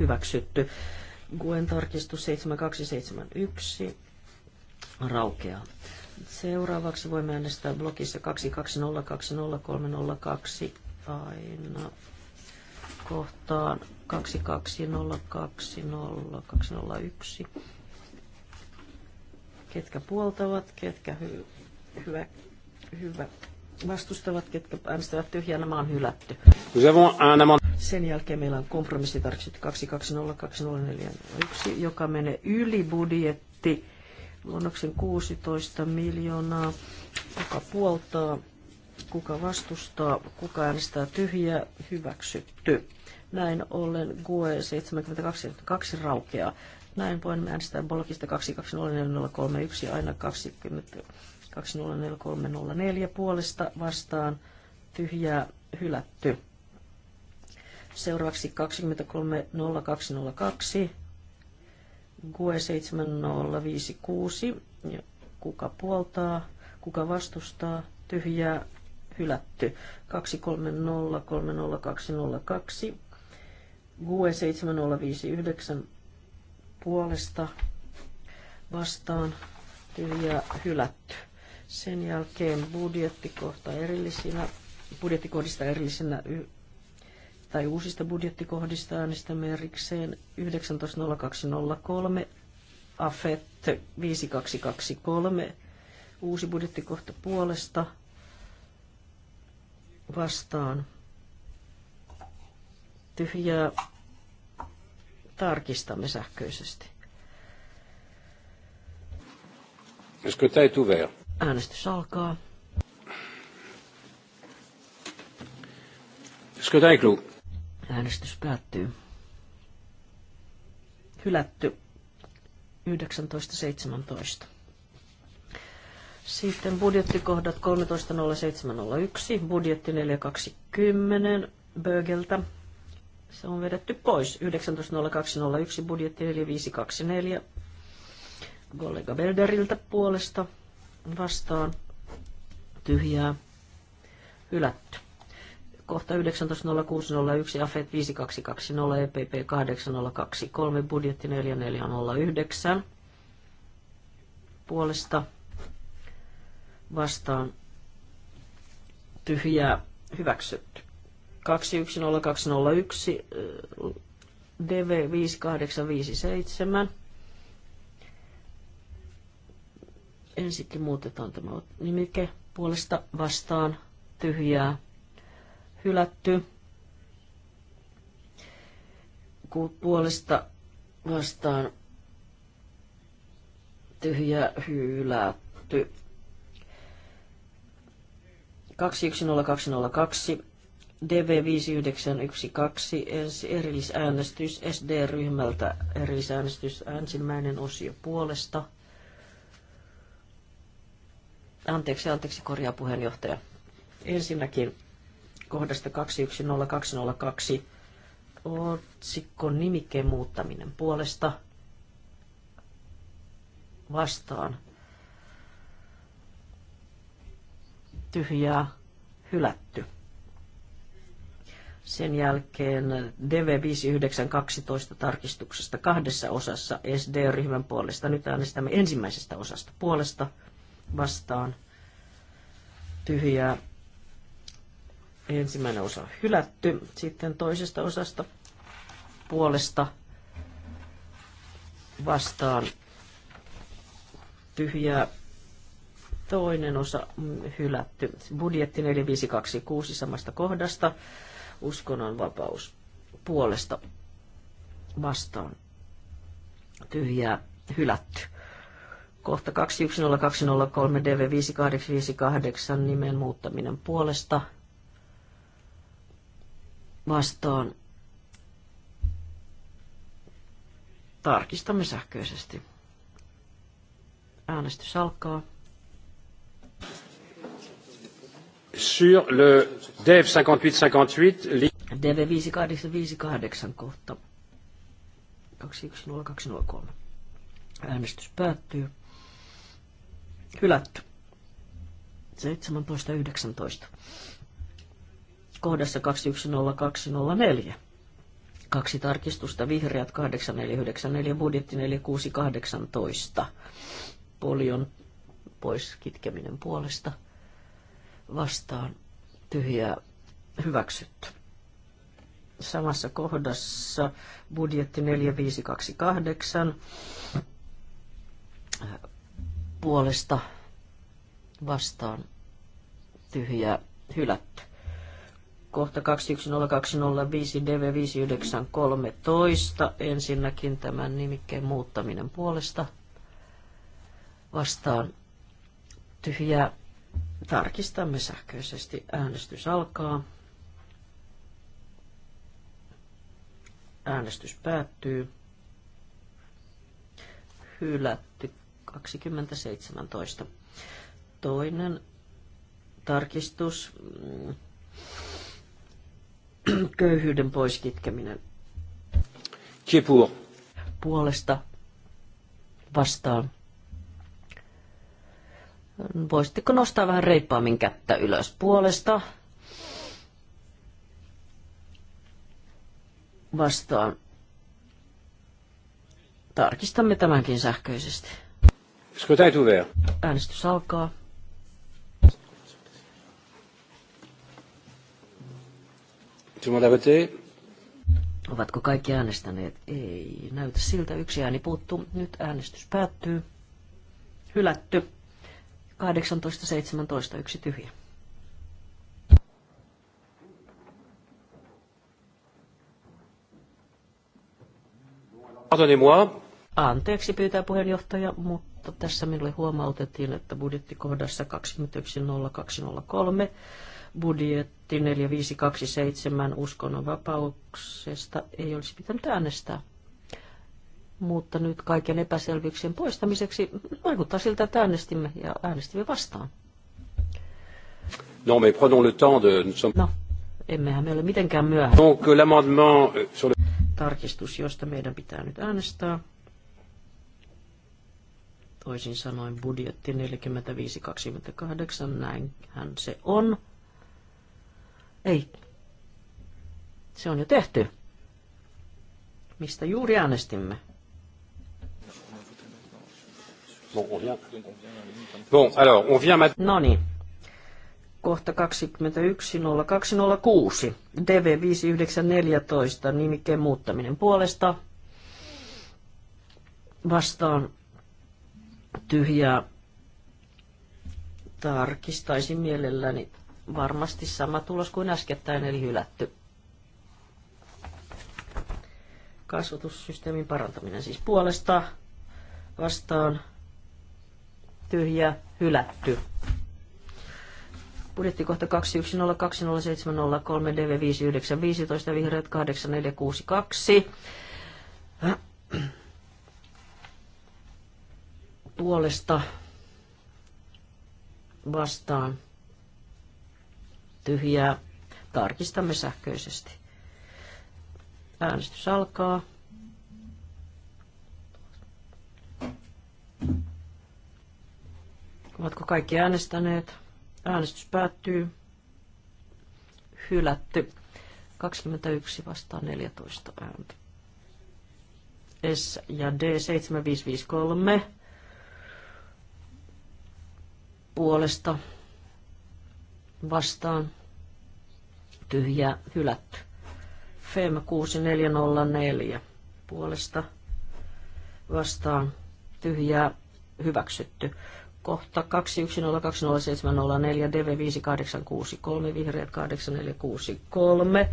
Hyväksytty. Guen tarkistus 7271 raukeaa. Seuraavaksi voimme äänestää blogissa 22020302 aina kohtaan 22020201. Ketkä puoltavat, ketkä hy- hyvä, Hyvä. Vastustavat, ketkä äänestävät tyhjänä, maan hylätty. Sen jälkeen meillä on kompromissitarkistus 2202041, joka menee yli budjetti. Luonnoksen 16 miljoonaa. Kuka puoltaa, kuka vastustaa, kuka äänestää tyhjää, hyväksytty. Näin ollen GUE 722 raukeaa. Näin voin äänestää blogista 22041 aina 20. 204304 puolesta vastaan tyhjää hylätty. Seuraavaksi 230202, GUE 7056, kuka puoltaa, kuka vastustaa, tyhjää hylätty. 230302 GUE 7059 puolesta vastaan tyhjää hylätty. Sen jälkeen budjettikohta erillisinä, budjettikohdista erillisinä tai uusista budjettikohdista äänestämme erikseen 19.02.03 AFET 5223 uusi budjettikohta puolesta vastaan tyhjää tarkistamme sähköisesti. Est-ce que tu ouvert? Äänestys alkaa. Äänestys päättyy. Hylätty 1917. Sitten budjettikohdat 13.07.01, budjetti 4.20 Bögeltä. Se on vedetty pois. 19.02.01, budjetti 4.524 Gollega Belderiltä puolesta vastaan tyhjää hylätty. Kohta 19.06.01 AFET 5220 EPP 8023 budjetti 4409 puolesta vastaan tyhjää hyväksytty. 210201 DV 5857 ensinkin muutetaan tämä nimike puolesta vastaan tyhjää hylätty. Puolesta vastaan tyhjää hylätty. 210202 DV5912 ensi erillisäänestys SD-ryhmältä erillisäänestys ensimmäinen osio puolesta Anteeksi, anteeksi, korjaa puheenjohtaja. Ensinnäkin kohdasta 210202 otsikko nimikkeen muuttaminen puolesta vastaan. Tyhjää hylätty. Sen jälkeen DV5912 tarkistuksesta kahdessa osassa SD-ryhmän puolesta. Nyt äänestämme ensimmäisestä osasta puolesta vastaan tyhjää. Ensimmäinen osa hylätty. Sitten toisesta osasta puolesta vastaan tyhjää. Toinen osa hylätty. Budjetti 4526 samasta kohdasta. Uskonnon vapaus puolesta vastaan tyhjää hylätty. Kohta 210203 DV5858 nimen muuttaminen puolesta vastaan. Tarkistamme sähköisesti. Äänestys alkaa. Sur le DEV 5858. DV 5858 kohta 210203. Äänestys päättyy. Hylätty. 17.19. Kohdassa 210204. Kaksi tarkistusta, vihreät 8494, budjetti 4618. Polion pois kitkeminen puolesta vastaan tyhjää hyväksytty. Samassa kohdassa budjetti 4528, puolesta vastaan tyhjää hylätty. Kohta 210205 DV5913. Ensinnäkin tämän nimikkeen muuttaminen puolesta vastaan tyhjää. Tarkistamme sähköisesti. Äänestys alkaa. Äänestys päättyy. Hylätty 2017. Toinen tarkistus, mm, köyhyyden poiskitkeminen. Kipua. Puolesta vastaan. Voisitteko nostaa vähän reippaammin kättä ylös puolesta? Vastaan. Tarkistamme tämänkin sähköisesti. Scrutin est ouvert. Äänestys alkaa. Tout le monde a voté? Ovatko kaikki äänestäneet? Ei näytä siltä. Yksi ääni puuttuu. Nyt äänestys päättyy. Hylätty. 18.17. Yksi tyhjä. Anteeksi pyytää puheenjohtaja, mutta mutta tässä minulle huomautettiin, että budjettikohdassa 210203 budjetti 4527 uskonnonvapauksesta ei olisi pitänyt äänestää. Mutta nyt kaiken epäselvyyksien poistamiseksi vaikuttaa siltä, että äänestimme ja äänestimme vastaan. Non, mais prenons le temps de... No, emmehän me ole mitenkään myöhään. Donc, l'amendement... Euh, Tarkistus, josta meidän pitää nyt äänestää toisin sanoen budjetti 45-28, näinhän se on. Ei, se on jo tehty. Mistä juuri äänestimme? Bon, alors, on No niin. Kohta 21.02.06. DV 5914. Nimikkeen muuttaminen puolesta. Vastaan tyhjää. Tarkistaisin mielelläni varmasti sama tulos kuin äskettäin, eli hylätty. Kasvatussysteemin parantaminen siis puolesta vastaan tyhjä hylätty. Budjettikohta 2102070 DV5915 vihreät 8462 puolesta vastaan tyhjää. Tarkistamme sähköisesti. Äänestys alkaa. Ovatko kaikki äänestäneet? Äänestys päättyy. Hylätty. 21 vastaan 14 ääntä. S ja D 7553 puolesta vastaan tyhjä hylätty. FEM 6404 puolesta vastaan tyhjää hyväksytty. Kohta 21020704 DV5863 vihreät 8463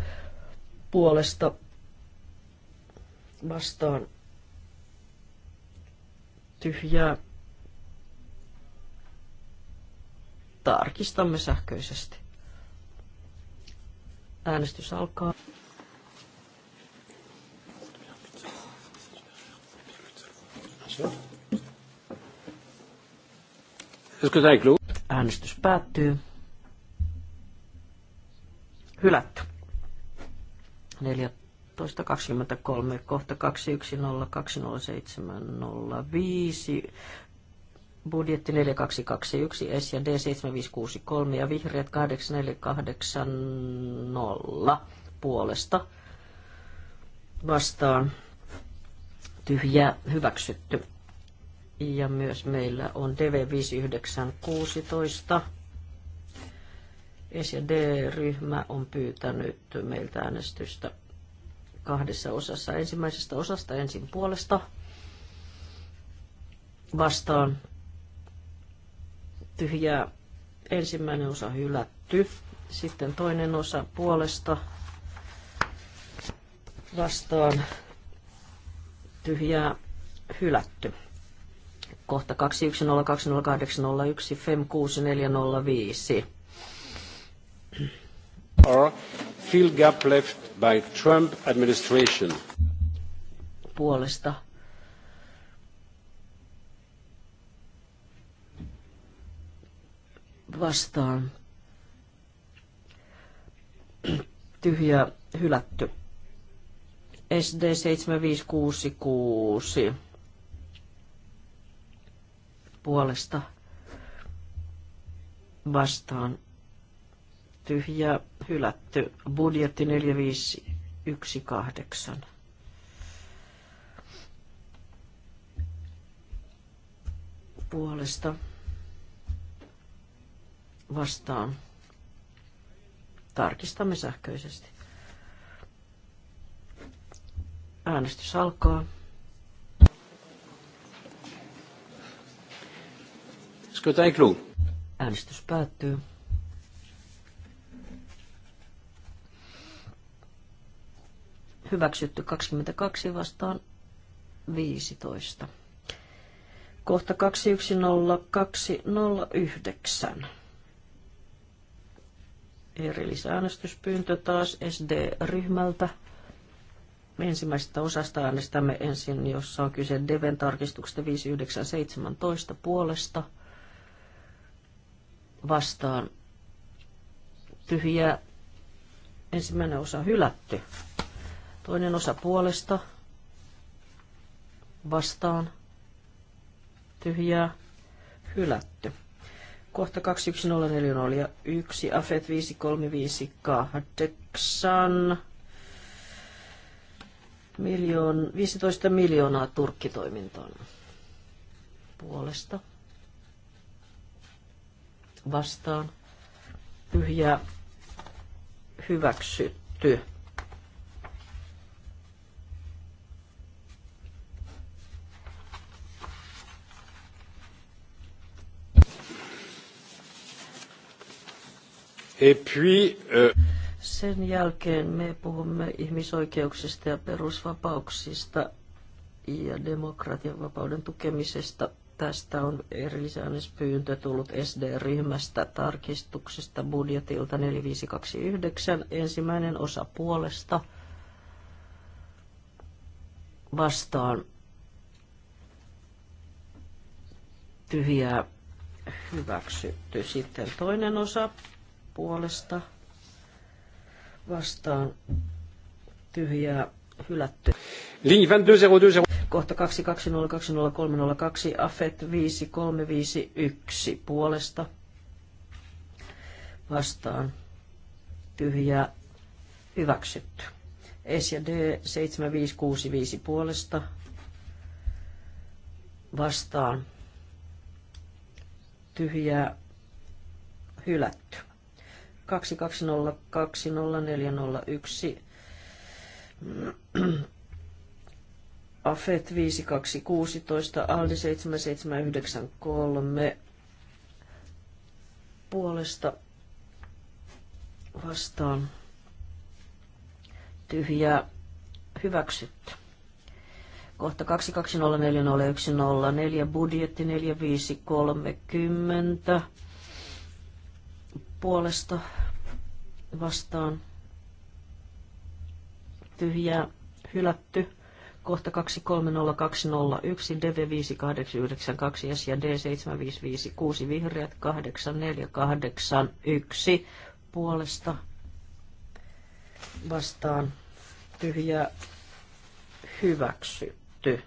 puolesta vastaan tyhjää tarkistamme sähköisesti. Äänestys alkaa. Äänestys päättyy. Hylätty. 14.23, kohta 210, 207, 05, budjetti 4221, ja D 7563 ja vihreät 8480 puolesta vastaan tyhjä hyväksytty. Ja myös meillä on DV5916. S- ja D-ryhmä on pyytänyt meiltä äänestystä kahdessa osassa. Ensimmäisestä osasta ensin puolesta vastaan tyhjää. Ensimmäinen osa hylätty. Sitten toinen osa puolesta vastaan tyhjää hylätty. Kohta 21020801 FEM6405. Or fill gap left by Trump administration. Puolesta vastaan tyhjä hylätty. SD 7566 puolesta vastaan tyhjä hylätty. Budjetti 4518. puolesta vastaan. Tarkistamme sähköisesti. Äänestys alkaa. Äänestys päättyy. Hyväksytty 22 vastaan 15. Kohta 210209 erillisäänestyspyyntö taas SD-ryhmältä. Ensimmäisestä osasta äänestämme ensin, jossa on kyse Deven tarkistuksesta 5917 puolesta vastaan tyhjää. Ensimmäinen osa hylätty. Toinen osa puolesta vastaan tyhjää hylätty. Kohta 21040 1 AFET 5358 miljoon, 15 miljoonaa turkkitoimintoon puolesta vastaan tyhjää hyväksytty. Et puis, euh... Sen jälkeen me puhumme ihmisoikeuksista ja perusvapauksista ja demokratian vapauden tukemisesta. Tästä on erillisäännöspyyntö tullut SD-ryhmästä tarkistuksesta budjetilta 4529 ensimmäinen osa puolesta vastaan tyhjää hyväksytty. Sitten toinen osa puolesta vastaan tyhjää hylätty. Linja 2202. Kohta 22020302 AFET 5351 puolesta vastaan tyhjää hyväksytty. S ja D 7565 puolesta vastaan tyhjää hylätty. 22020401, AFET 5216, ALDI 7793 puolesta vastaan tyhjää hyväksytty. Kohta 220401 budjetti 4530 puolesta vastaan tyhjää hylätty. Kohta 230201, DV5892 ja D7556 vihreät 8481 puolesta vastaan tyhjää hyväksytty.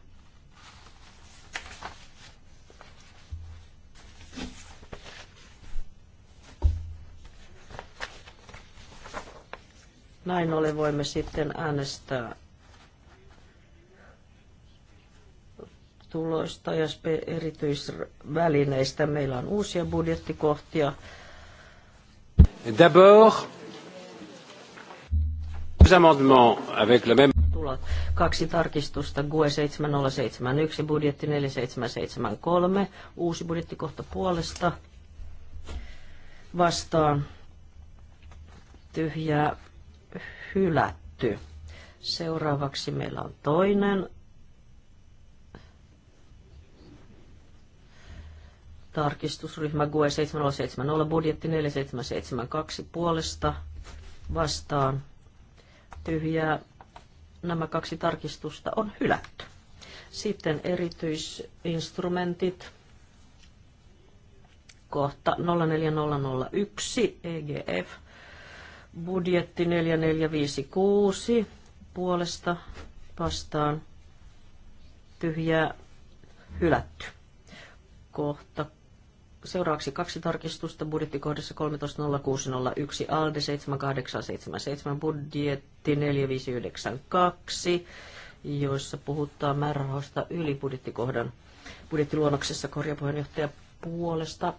Näin ollen voimme sitten äänestää tuloista ja erityisvälineistä. Meillä on uusia budjettikohtia. D'abord, Kaksi tarkistusta, GUE 7071, budjetti 4773, uusi budjettikohta puolesta, vastaan tyhjää hylätty. Seuraavaksi meillä on toinen tarkistusryhmä GUE 7070 budjetti 4772 puolesta vastaan tyhjää. Nämä kaksi tarkistusta on hylätty. Sitten erityisinstrumentit kohta 04001 EGF Budjetti 4456 puolesta vastaan tyhjää hylätty. Kohta Seuraavaksi kaksi tarkistusta budjettikohdassa 13.06.01 ALDE 7877 budjetti 4592, joissa puhutaan määrärahoista yli budjettikohdan budjettiluonnoksessa korjapuheenjohtaja puolesta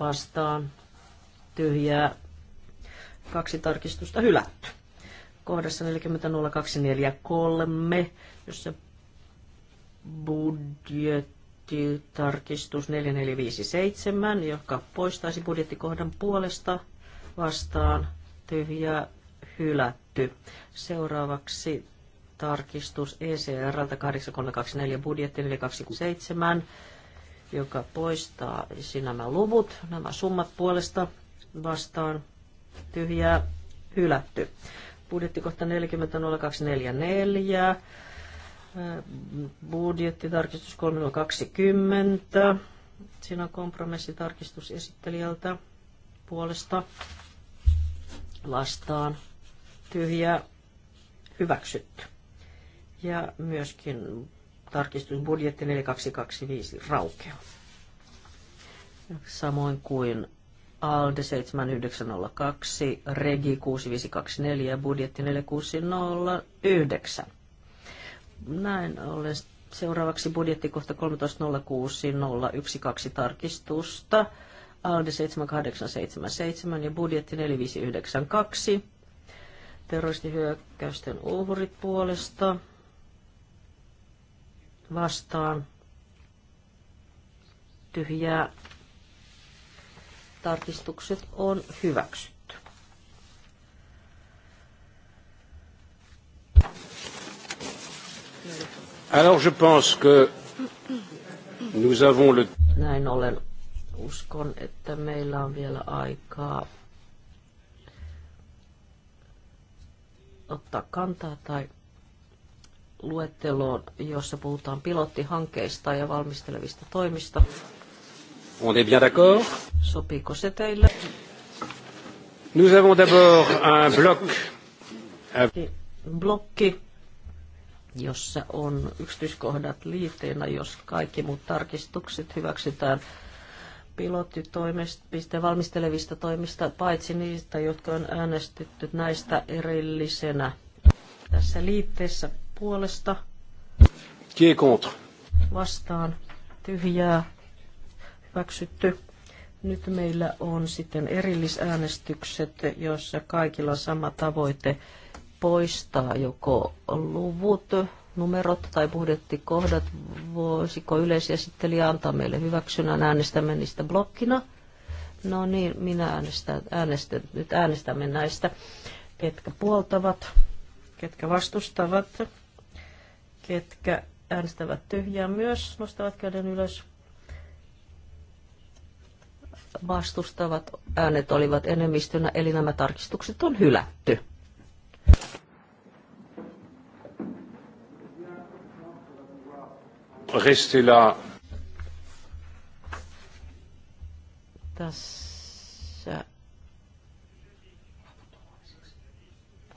vastaan tyhjää Kaksi tarkistusta hylätty. Kohdassa 40.0243, jossa budjettitarkistus 4457, joka poistaisi budjettikohdan puolesta vastaan tyhjää hylätty. Seuraavaksi tarkistus ECR 8324 budjetti 427, joka poistaa nämä luvut, nämä summat puolesta vastaan tyhjää hylätty. Budjettikohta 40.024, Budjettitarkistus 3020. Siinä on kompromissitarkistus esittelijältä puolesta vastaan tyhjää hyväksytty. Ja myöskin tarkistus budjetti 4225 raukeaa. Samoin kuin ALDE 7902, REGI 6524 ja budjetti 4609. Näin ollen seuraavaksi budjettikohta 1306012 tarkistusta. ALDE 7877 ja budjetti 4592. Terroristihyökkäysten uhrit puolesta vastaan tyhjää tarkistukset on hyväksytty. Alors je pense que nous avons le... Näin ollen uskon, että meillä on vielä aikaa ottaa kantaa tai luetteloon, jossa puhutaan pilottihankkeista ja valmistelevista toimista. On est bien d'accord Nous avons d'abord un bloc. Blokki, jossa on yksityiskohdat liitteenä, jos kaikki muut tarkistukset hyväksytään pilottitoimista, valmistelevista toimista, paitsi niistä, jotka on äänestetty näistä erillisenä. Tässä liitteessä puolesta. Qui est contre? Vastaan. Tyhjää hyväksytty. Nyt meillä on sitten erillisäänestykset, joissa kaikilla on sama tavoite poistaa joko luvut, numerot tai budjettikohdat. Voisiko yleisesittelijä antaa meille hyväksynnän äänestämme niistä blokkina? No niin, minä äänestän, äänestän, nyt äänestämme näistä, ketkä puoltavat, ketkä vastustavat, ketkä äänestävät tyhjää myös, nostavat käden ylös vastustavat äänet olivat enemmistönä, eli nämä tarkistukset on hylätty. Restillä. Tässä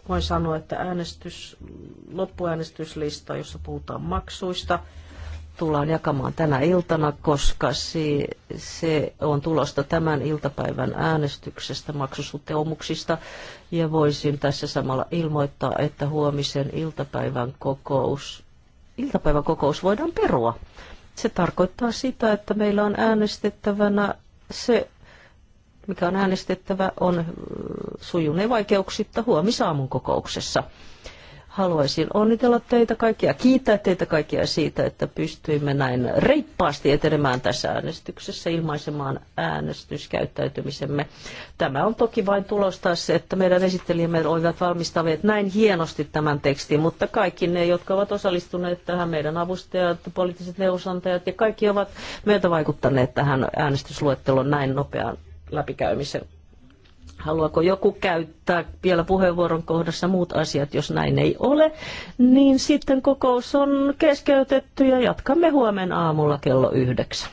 voin sanoa, että äänestys, loppuäänestyslista, jossa puhutaan maksuista, tullaan jakamaan tänä iltana, koska se, se on tulosta tämän iltapäivän äänestyksestä maksusuhteomuksista. Ja voisin tässä samalla ilmoittaa, että huomisen iltapäivän kokous, iltapäivän kokous voidaan perua. Se tarkoittaa sitä, että meillä on äänestettävänä se, mikä on äänestettävä, on sujuneen vaikeuksitta huomisaamun kokouksessa. Haluaisin onnitella teitä kaikkia, kiittää teitä kaikkia siitä, että pystyimme näin reippaasti etenemään tässä äänestyksessä ilmaisemaan äänestyskäyttäytymisemme. Tämä on toki vain tulosta se, että meidän esittelijämme olivat valmistaneet näin hienosti tämän tekstin, mutta kaikki ne, jotka ovat osallistuneet tähän, meidän avustajat, poliittiset neuvosantajat ja kaikki ovat meiltä vaikuttaneet tähän äänestysluettelon näin nopeaan läpikäymisen. Haluaako joku käyttää vielä puheenvuoron kohdassa muut asiat, jos näin ei ole, niin sitten kokous on keskeytetty ja jatkamme huomenna aamulla kello yhdeksän.